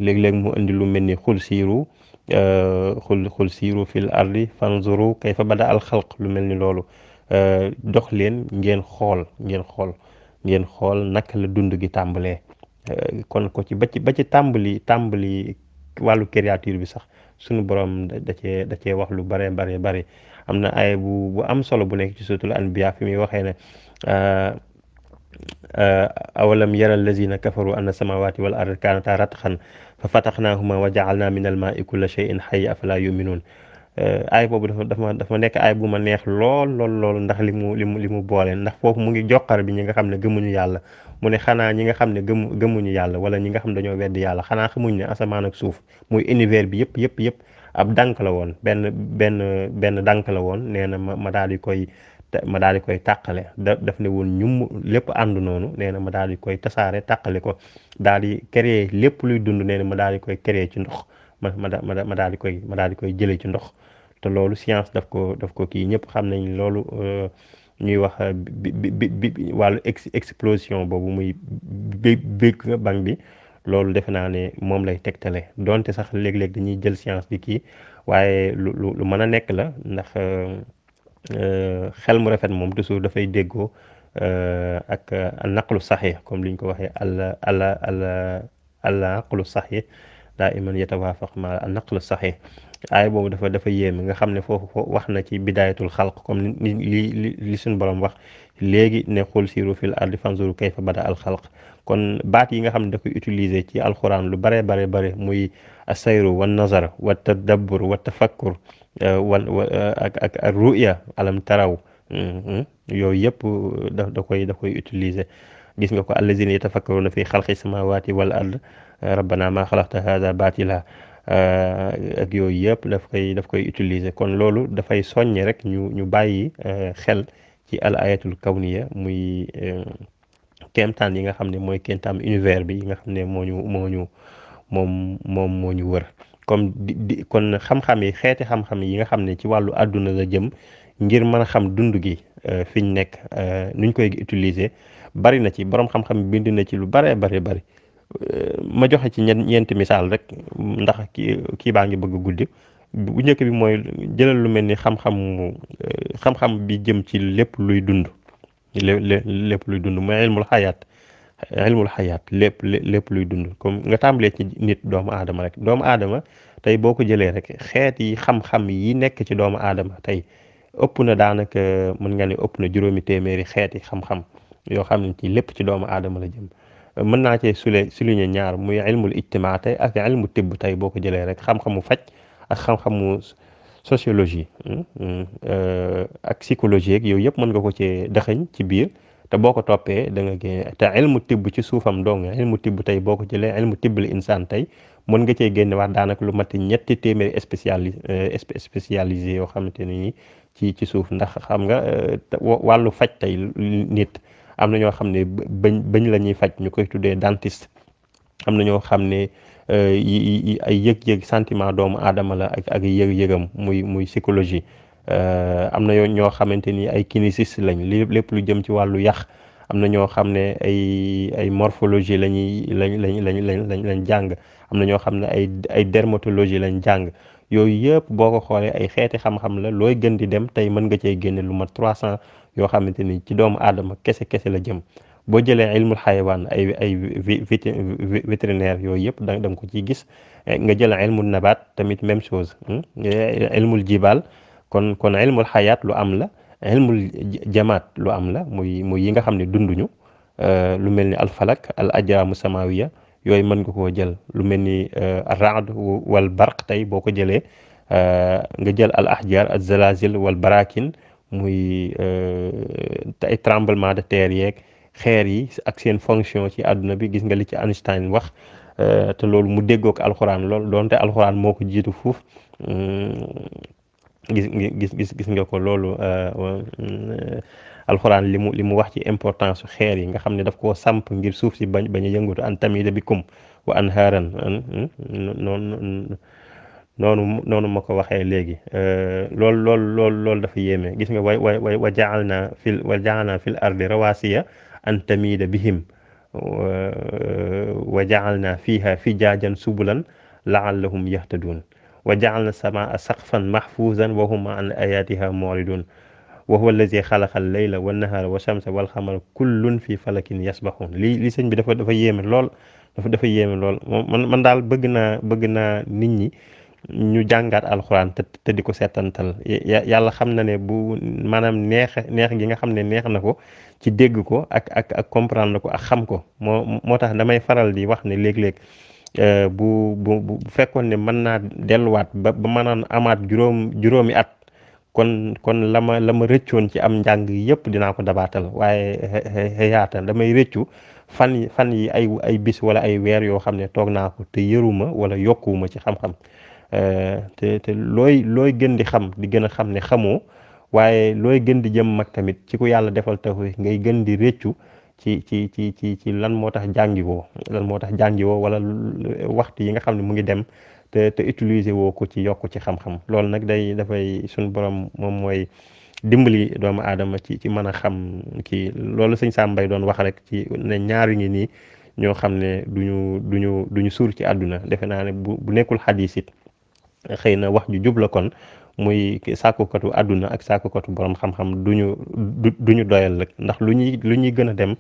léeg-léeg mu indi lu mel ni xul siiru Euh, xul xul siiru fil ardi kayfa bada al xalq lu mel ni loolu dox euh, leen ngeen xool ngeen xool ngeen xool naka la dund gi tàmbalee euh, kon ko ci ba ci ba ci tàmbali tàmbali wàllu créature bi sax sunu borom da cee da cee wax lu bare bare bare am na ay bu bu am solo bu nekk ci suutul anbiya fi muy waxee ne awalam yara allazina kafaru anna samawati wal ardi kanata ratxan fa fataxnaahuma wa jaalna min al maai kulla cheyin xay afala yuminuun aay boobu dafa dafa dafa nekk ay bu ma neex lool lool ndax li mu li mu li mu boole ndax foofu mu ngi joqar bi ñi nga xam ne gëmuñu yàlla mu ne xanaa ñi nga xam ne gëmu gëmuñu yàlla wala ñi nga xam ne dañoo weddi yàlla xanaa xamuñ ne asamaan ak suuf muy univers bi yëpp yëpp yëpp ab dànk la woon benn benn benn dànk la woon nee na ma ma daal di koy ma daal di koy tàqale da def ne woon ñum lépp ànd noonu nee na ma daal di koy tasaare tàqale ko daal di créer lépp luy dund nee ma daal di koy créer ci ndox ma ma ma daal di koy ma daal di koy jëlee ci ndox te loolu science daf ko daf ko kii ñëpp xam nañ loolu euh, ñuy wax euh, bi bi bi wàllu ex explosion boobu muy big big bang bi loolu defe naa ne moom lay tegtale donte sax léeg-léeg dañuy jël science di kii waaye lu lu lu mën a nekk la ndax. Euh, Euh, xel mu rafet moom toujours dafay déggoo euh, ak euh, naqlu saxih comme liñ ko waxee al al al al naqlu saxih daa iman yatawaafaq ma al naqlu saxih aay boobu dafa dafa yéeme nga xam ne foofu wax na ci bidaayatul xalq comme li li li suñu borom wax léegi ne xul siiru fil ardi fanzuru kayfa bada alxalq kon baat yi nga xam ne da koy utiliser ci alxuraan lu bare bare bare muy asayru wa nazar wa tadabbur wa tafakkur euh, wa euh, ak ak ak ruya alam taraw mm-hmm. yooyu yëpp euh, da da koy da koy utiliser gis nga ko allazina yatafakkaruna fi xalqi samawati wal ard rabbana ma xalaqta hada batila ak yooyu yëpp daf koy daf koy utiliser kon loolu dafay soññe rek ñu ñu bàyyi xel ci al ayatul kawniya muy euh, kéemtaan yi nga xam ne mooy kéemtaan univers bi yi nga xam ne moo ñu moo moom moom moo ñu wër comme kon xam-xam yi xeeti xam-xam yi nga xam ne ci wàllu àdduna la jëm ngir mën a xam dund gi euh, fi ñu nekk euh, nuñ koy utiliser bari na ci borom xam-xam bind na ci lu baree bari bari ma joxe ci ñeenti misaal rek ndax kii kii baa ngi bëgg guddi. bu njëkk bi mooy jëlal lu mel ni xam-xam euh, xam-xam bi jëm ci lépp luy dund lépp luy dund mooy ilmul xayaat ilmul xayaat lépp lépp luy dund comme nga tàmbalee ci nit doomu aadama rek doomu aadama tey boo ko jëlee rek xeeti yi xam-xam yi nekk ci doomu aadama tey ëpp na daanaka mën nga ne ëpp na juróomi téeméeri xeeti yi xam-xam yoo xam ne ci lépp ci doomu aadama la jëm mën naa cee sule souligner ñaar muy ilmul ijtimaa tey ak ilmu tibb tey boo ko jëlee rek xam-xamu faj ak xam-xamu sociologie hmm? Hmm. Euh, ak psychologie ak yooyu yëpp mën nga ko cee dëxëñ ci biir te boo ko toppee da nga génne te ilmu tibb ci suufam dong ilmu tibb tey boo ko jëlee ilmu tibb li insaan tey mën nga cee génne wax daanaka lu mati ñetti téeméeri spéciali euh, spécialisé yoo xamante ne nii ci ci suuf ndax xam nga euh, wàllu faj tey nit am na ñoo xam ne bëñ bëñ la ñuy faj ñu koy tuddee dentiste am na ñoo xam ne. Euh, yi ay yëg-yëg sentiment doomu aadama la ak ak yëg-yëgam muy muy psychologie euh, am na yoo ñoo xamante ni ay kinésiste lañ li lépp lu jëm ci wàllu yax am na ñoo xam ne ay ay morphologie la ñuy lañ lañ lañ lañ lañ jàng am na ñoo xam ne ay ay dermatologie lañ jàng yooyu yëpp boo ko xoolee ay xeeti xam-xam la looy gën di dem tey mën nga cey génne lu mat trois 300 yoo xamante ni ci doomu aadama kese kese la jëm boo jëlee ilmul xayawaan ay ay vétérinaire yooyu yëpp da nga ko ciy gis eh, nga jël ilmul nabaat tamit même chose hmm? eh, ilmul jibaal kon kon ilmul xayaat lu am la ilmul jamaat lu am la muy muy yi nga xam ne dunduñu eh, lu mel ni alfalak al ajraamu samawiya yooyu mën nga koo jël lu mel ni raad wal barq tey boo ko jëlee nga jël al ahjar al zalazil wal barakin muy ay tremblement de terre yeeg xeer yi ak fonction ci àdduna bi gis nga li ci Einstein wax euh, te loolu mu déggook alxuraan lool doonte alxuraan moo ko jiitu fuuf mm, gis gis gis gis nga ko loolu euh, alxuraan li mu li mu wax ci importance su xeer yi nga xam ne daf koo samp ngir suuf si bañ bañ a an tamida bikum wa anhaaran hmm, noonu ma ko waxee léegi loolu euh, loolu loolu loolu dafa yéeme gis nga way way way wa jaal naa fil fil ardi rawaasiya an tamida bihim wa jacalna fiha fijajan subulan laallahum yahtaduun wa jacalna samaa saqfan mahfuuzan wa hum an ayaatiha muridun wa huwa allazi xalaqa al layla wa nahaara wa shamsa wal xamara kullun fi falakin yasbaxuun lii lii sëñ bi dafa dafa yéeme lool dafa dafa yéeme lool man man daal bëgg naa bëgg naa nit ñi ñu jàngaat alxuraan te di ko seetantal yàlla xam na ne bu maanaam neex neex gi nga xam ne neex na ko ci dégg ko ak ak ak comprendre ko ak xam ko moo moo tax damay faral di wax ne léeg-léeg euh, bu bu bu fekkoon ne mën naa delluwaat ba ba mënaan amaat juróom juróomi at kon kon la ma la ma rëccoon ci am njàng yëpp dinaa ko dabaatal waaye xëyaatal damay rëccu fan yi fan yi ay ay bis wala ay weer yoo xam ne toog naa ko te yëruma wala yokkuwuma ci xam-xam Euh, te te looy looy gën di xam di gën a xam ne xamoo waaye looy gën di jëm mag tamit ci ku yàlla defal tawfiq ngay gën di réccu ci ci ci ci ci lan moo tax jàngiwoo woo lan moo tax jàngi woo wala waxtu yi nga xam ne mu ngi dem te te utiliser woo ko ci yokk ci xam-xam loolu nag day dafay suñu borom moom mooy dimbali doomu aadama ci ci mën a xam kii loolu sëñ Sam Mbaye doon wax rek ci ne ñaar ngi nii ñoo xam ne duñu duñu duñu suur ci àdduna defe naa ne bu bu nekkul xadis xëy na wax ju jubla kon muy sàkkukatu àdduna ak sàkkukatu borom xam-xam duñu duñu doyal rek ndax lu ñuy lu ñuy gën a dem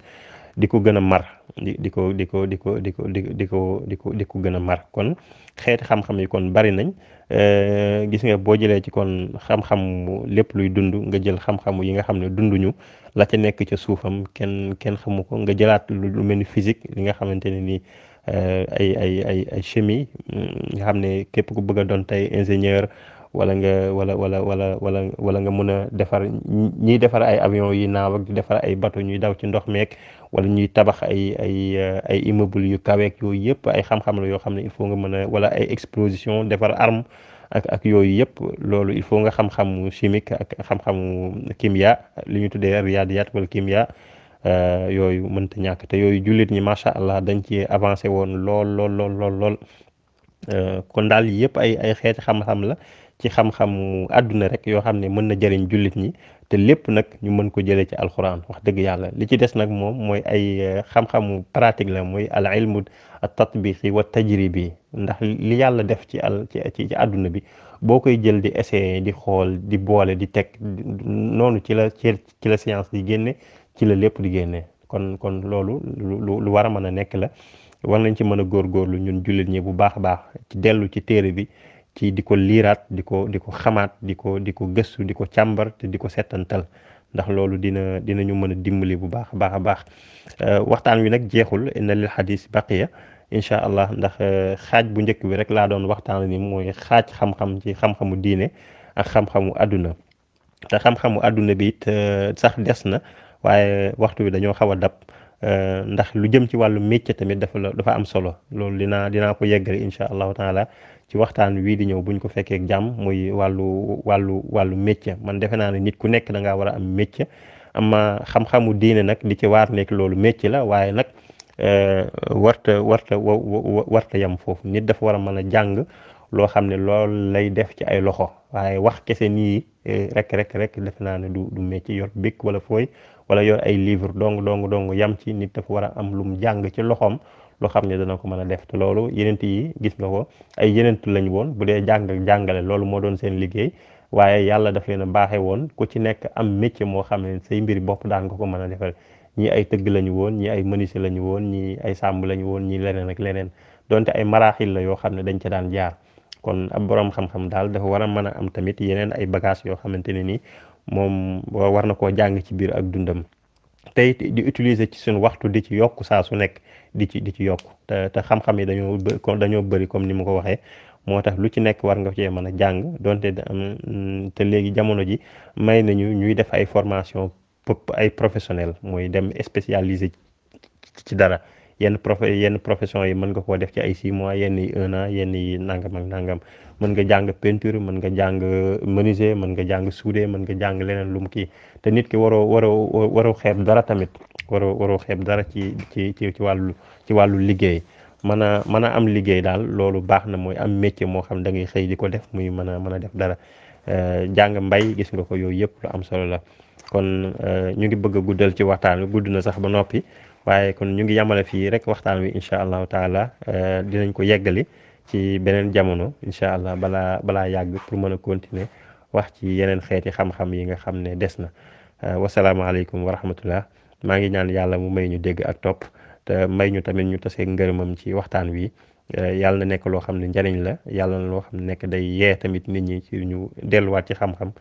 di ko gën a mar di ko di ko di ko di ko di ko di ko di ko gën a mar kon xeeti xam-xam yi kon bari nañ eh, gis nga boo jëlee ci kon xam-xamu lépp luy dund nga jël xam-xamu yi nga xam ne dunduñu la ca nekk ci suufam kenn kenn xamu ko nga jëlaat lu mel ni physique li nga xamante ne nii Euh, ay ay ay ay chimie mm, nga xam ne képp ku bëgg a doon tey ingénieur wala nga wala wala wala wala wala nga mën a defar ñiy defar ay avion yi naaw ak di defar ay bateau ñuy daw ci ndox meek wala ñuy tabax ay ay euh, ay immeuble yu kaweek yooyu yëpp ay xam-xam la yoo xam ne il faut nga mën a wala ay explosion defar arme ak ak yooyu yëpp loolu il faut nga xam-xamu chimique ak xam-xamu kimia li ñu tuddee riyaadiyaat wala kimia Euh, yooyu mënta ñàkk te yooyu jullit ñi macha allah dañ ci avancé woon lool lool lool lool euh, kon daal yëpp ay ay xeeti xam-xam la ci xam-xamu àdduna rek yoo xam ne mën na jëriñ jullit ñi te lépp nag ñu mën ko jëlee ci alxuraan wax dëgg yàlla li ci des nag moom mooy ay euh, xam-xamu pratique la mooy al ilmu tatbiqi wa tajribi ndax li yàlla def ci al ci ci àdduna bi boo koy jël di essayer di xool di boole di teg noonu ci la ci la science di génne ci la lépp di génnee kon kon loolu lu war a mën a nekk la war nañ ci mën a góor góor lu ñun jullit ñi bu baax a baax ci dellu ci téere bi ci di ko liiraat di ko di ko xamaat di ko di ko gëstu di ko càmbar te di ko settantal ndax loolu dina dina ñu mën a dimbali bu baax a baax a baax euh, waxtaan wi nag jeexul inna lil hadis baqiya incha allah ndax euh, xaaj bu njëkk bi rek laa doon waxtaan ni mooy xaaj xam-xam ci xam-xamu diine ak xam-xamu àdduna te xam-xamu àdduna bi it euh, sax des na waaye waxtu wi dañoo xaw a dab euh, ndax lu jëm ci wàllu métier tamit dafa dafa am solo loolu dinaa dinaa ko yeggale incha allahu taala ci waxtaan wii di ñëw buñ ko fekkee jàmm mooy wàllu wàllu wàllu métier man defe naa ne nit ku nekk da ngaa war a am métier ama xam-xamu diine nag di ci waar nekk loolu métier la waaye nag euh, warta warta warta yam foofu nit dafa war a mën a jàng loo xam ne loolu lay def ci ay loxo waaye wax kese nii euh, rek rek rek defe naa ne du du métier yor békk wala fooy wala yor ay livre dong dong dong yam ci nit dafa war a am lu mu jàng ci loxoom loo xam ne dana ko mën a def te loolu yenent yi gis nga ko ay yenent lañ woon bu dee jàng jàngale loolu moo doon seen liggéey yàlla daf leen baaxee woon ku ci nekk am métier moo xam ne say mbir bopp daan nga ko mën a defal ñii ay tëgg lañu woon ñii ay menuisier lañu woon ñii ay sàmm lañu woon ñii leneen ak leneen donte ay maraaxil la yoo xam ne dañ ca daan jaar kon ab borom xam-xam daal dafa war a mën a am tamit yeneen ay bagage yoo xamante ne nii moom war na koo jàng ci biir ak dundam tey di utiliser ci suñu waxtu di ci yokk saa su nekk di ci di ci yokk te te xam-xam yi dañoo dañoo bëri comme ni mu ko waxee moo tax lu ci nekk war nga cee mën a jàng donte te léegi jamono ji may nañu ñuy def ay formation ay professionnel mooy dem spécialisé ci dara yenn prof yenn profession yi mën nga koo def ci ay six mois yenn yi un an yenn nangam ak nangam mën nga jàng peinture mën nga jàng menuisier mën nga jàng soudé mën nga jàng leneen lu mu kii te nit ki waroo waroo waroo xeeb dara tamit waroo waroo xeeb dara ci ci ci ci wàllu ci wàllu liggéey mën a mën a am liggéey daal loolu baax na mooy am métier moo xam da ngay xëy di ko def muy mën a mën a def dara euh, jàng mbay gis nga ko yooyu yëpp lu am solo la kon euh, ñu ngi bëgg a guddal ci waxtaan wi gudd na sax ba noppi waaye kon ñu ngi yamale fii rek waxtaan wi incha allahu taala euh, dinañ ko yeggali ci beneen jamono incha allah balaa balaa yàgg pour mën a continuer wax ci yeneen xeeti xam-xam yi nga xam ne des na euh, wasalaamaaleykum wa rahmatullah maa ngi ñaan yàlla mu may ñu dégg ak topp te may ñu tamit ñu tasee ngërëmam ci waxtaan wi euh, yàlla na nekk loo xam ne njariñ la yàlla na loo xam ne nekk day yee tamit nit ñi ci ñu delluwaat ci xam-xam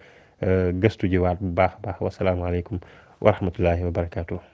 euh, gëstu jiwaat bu baax baax wasalaamaaleykum wa rahmatullahi wa barakaatu.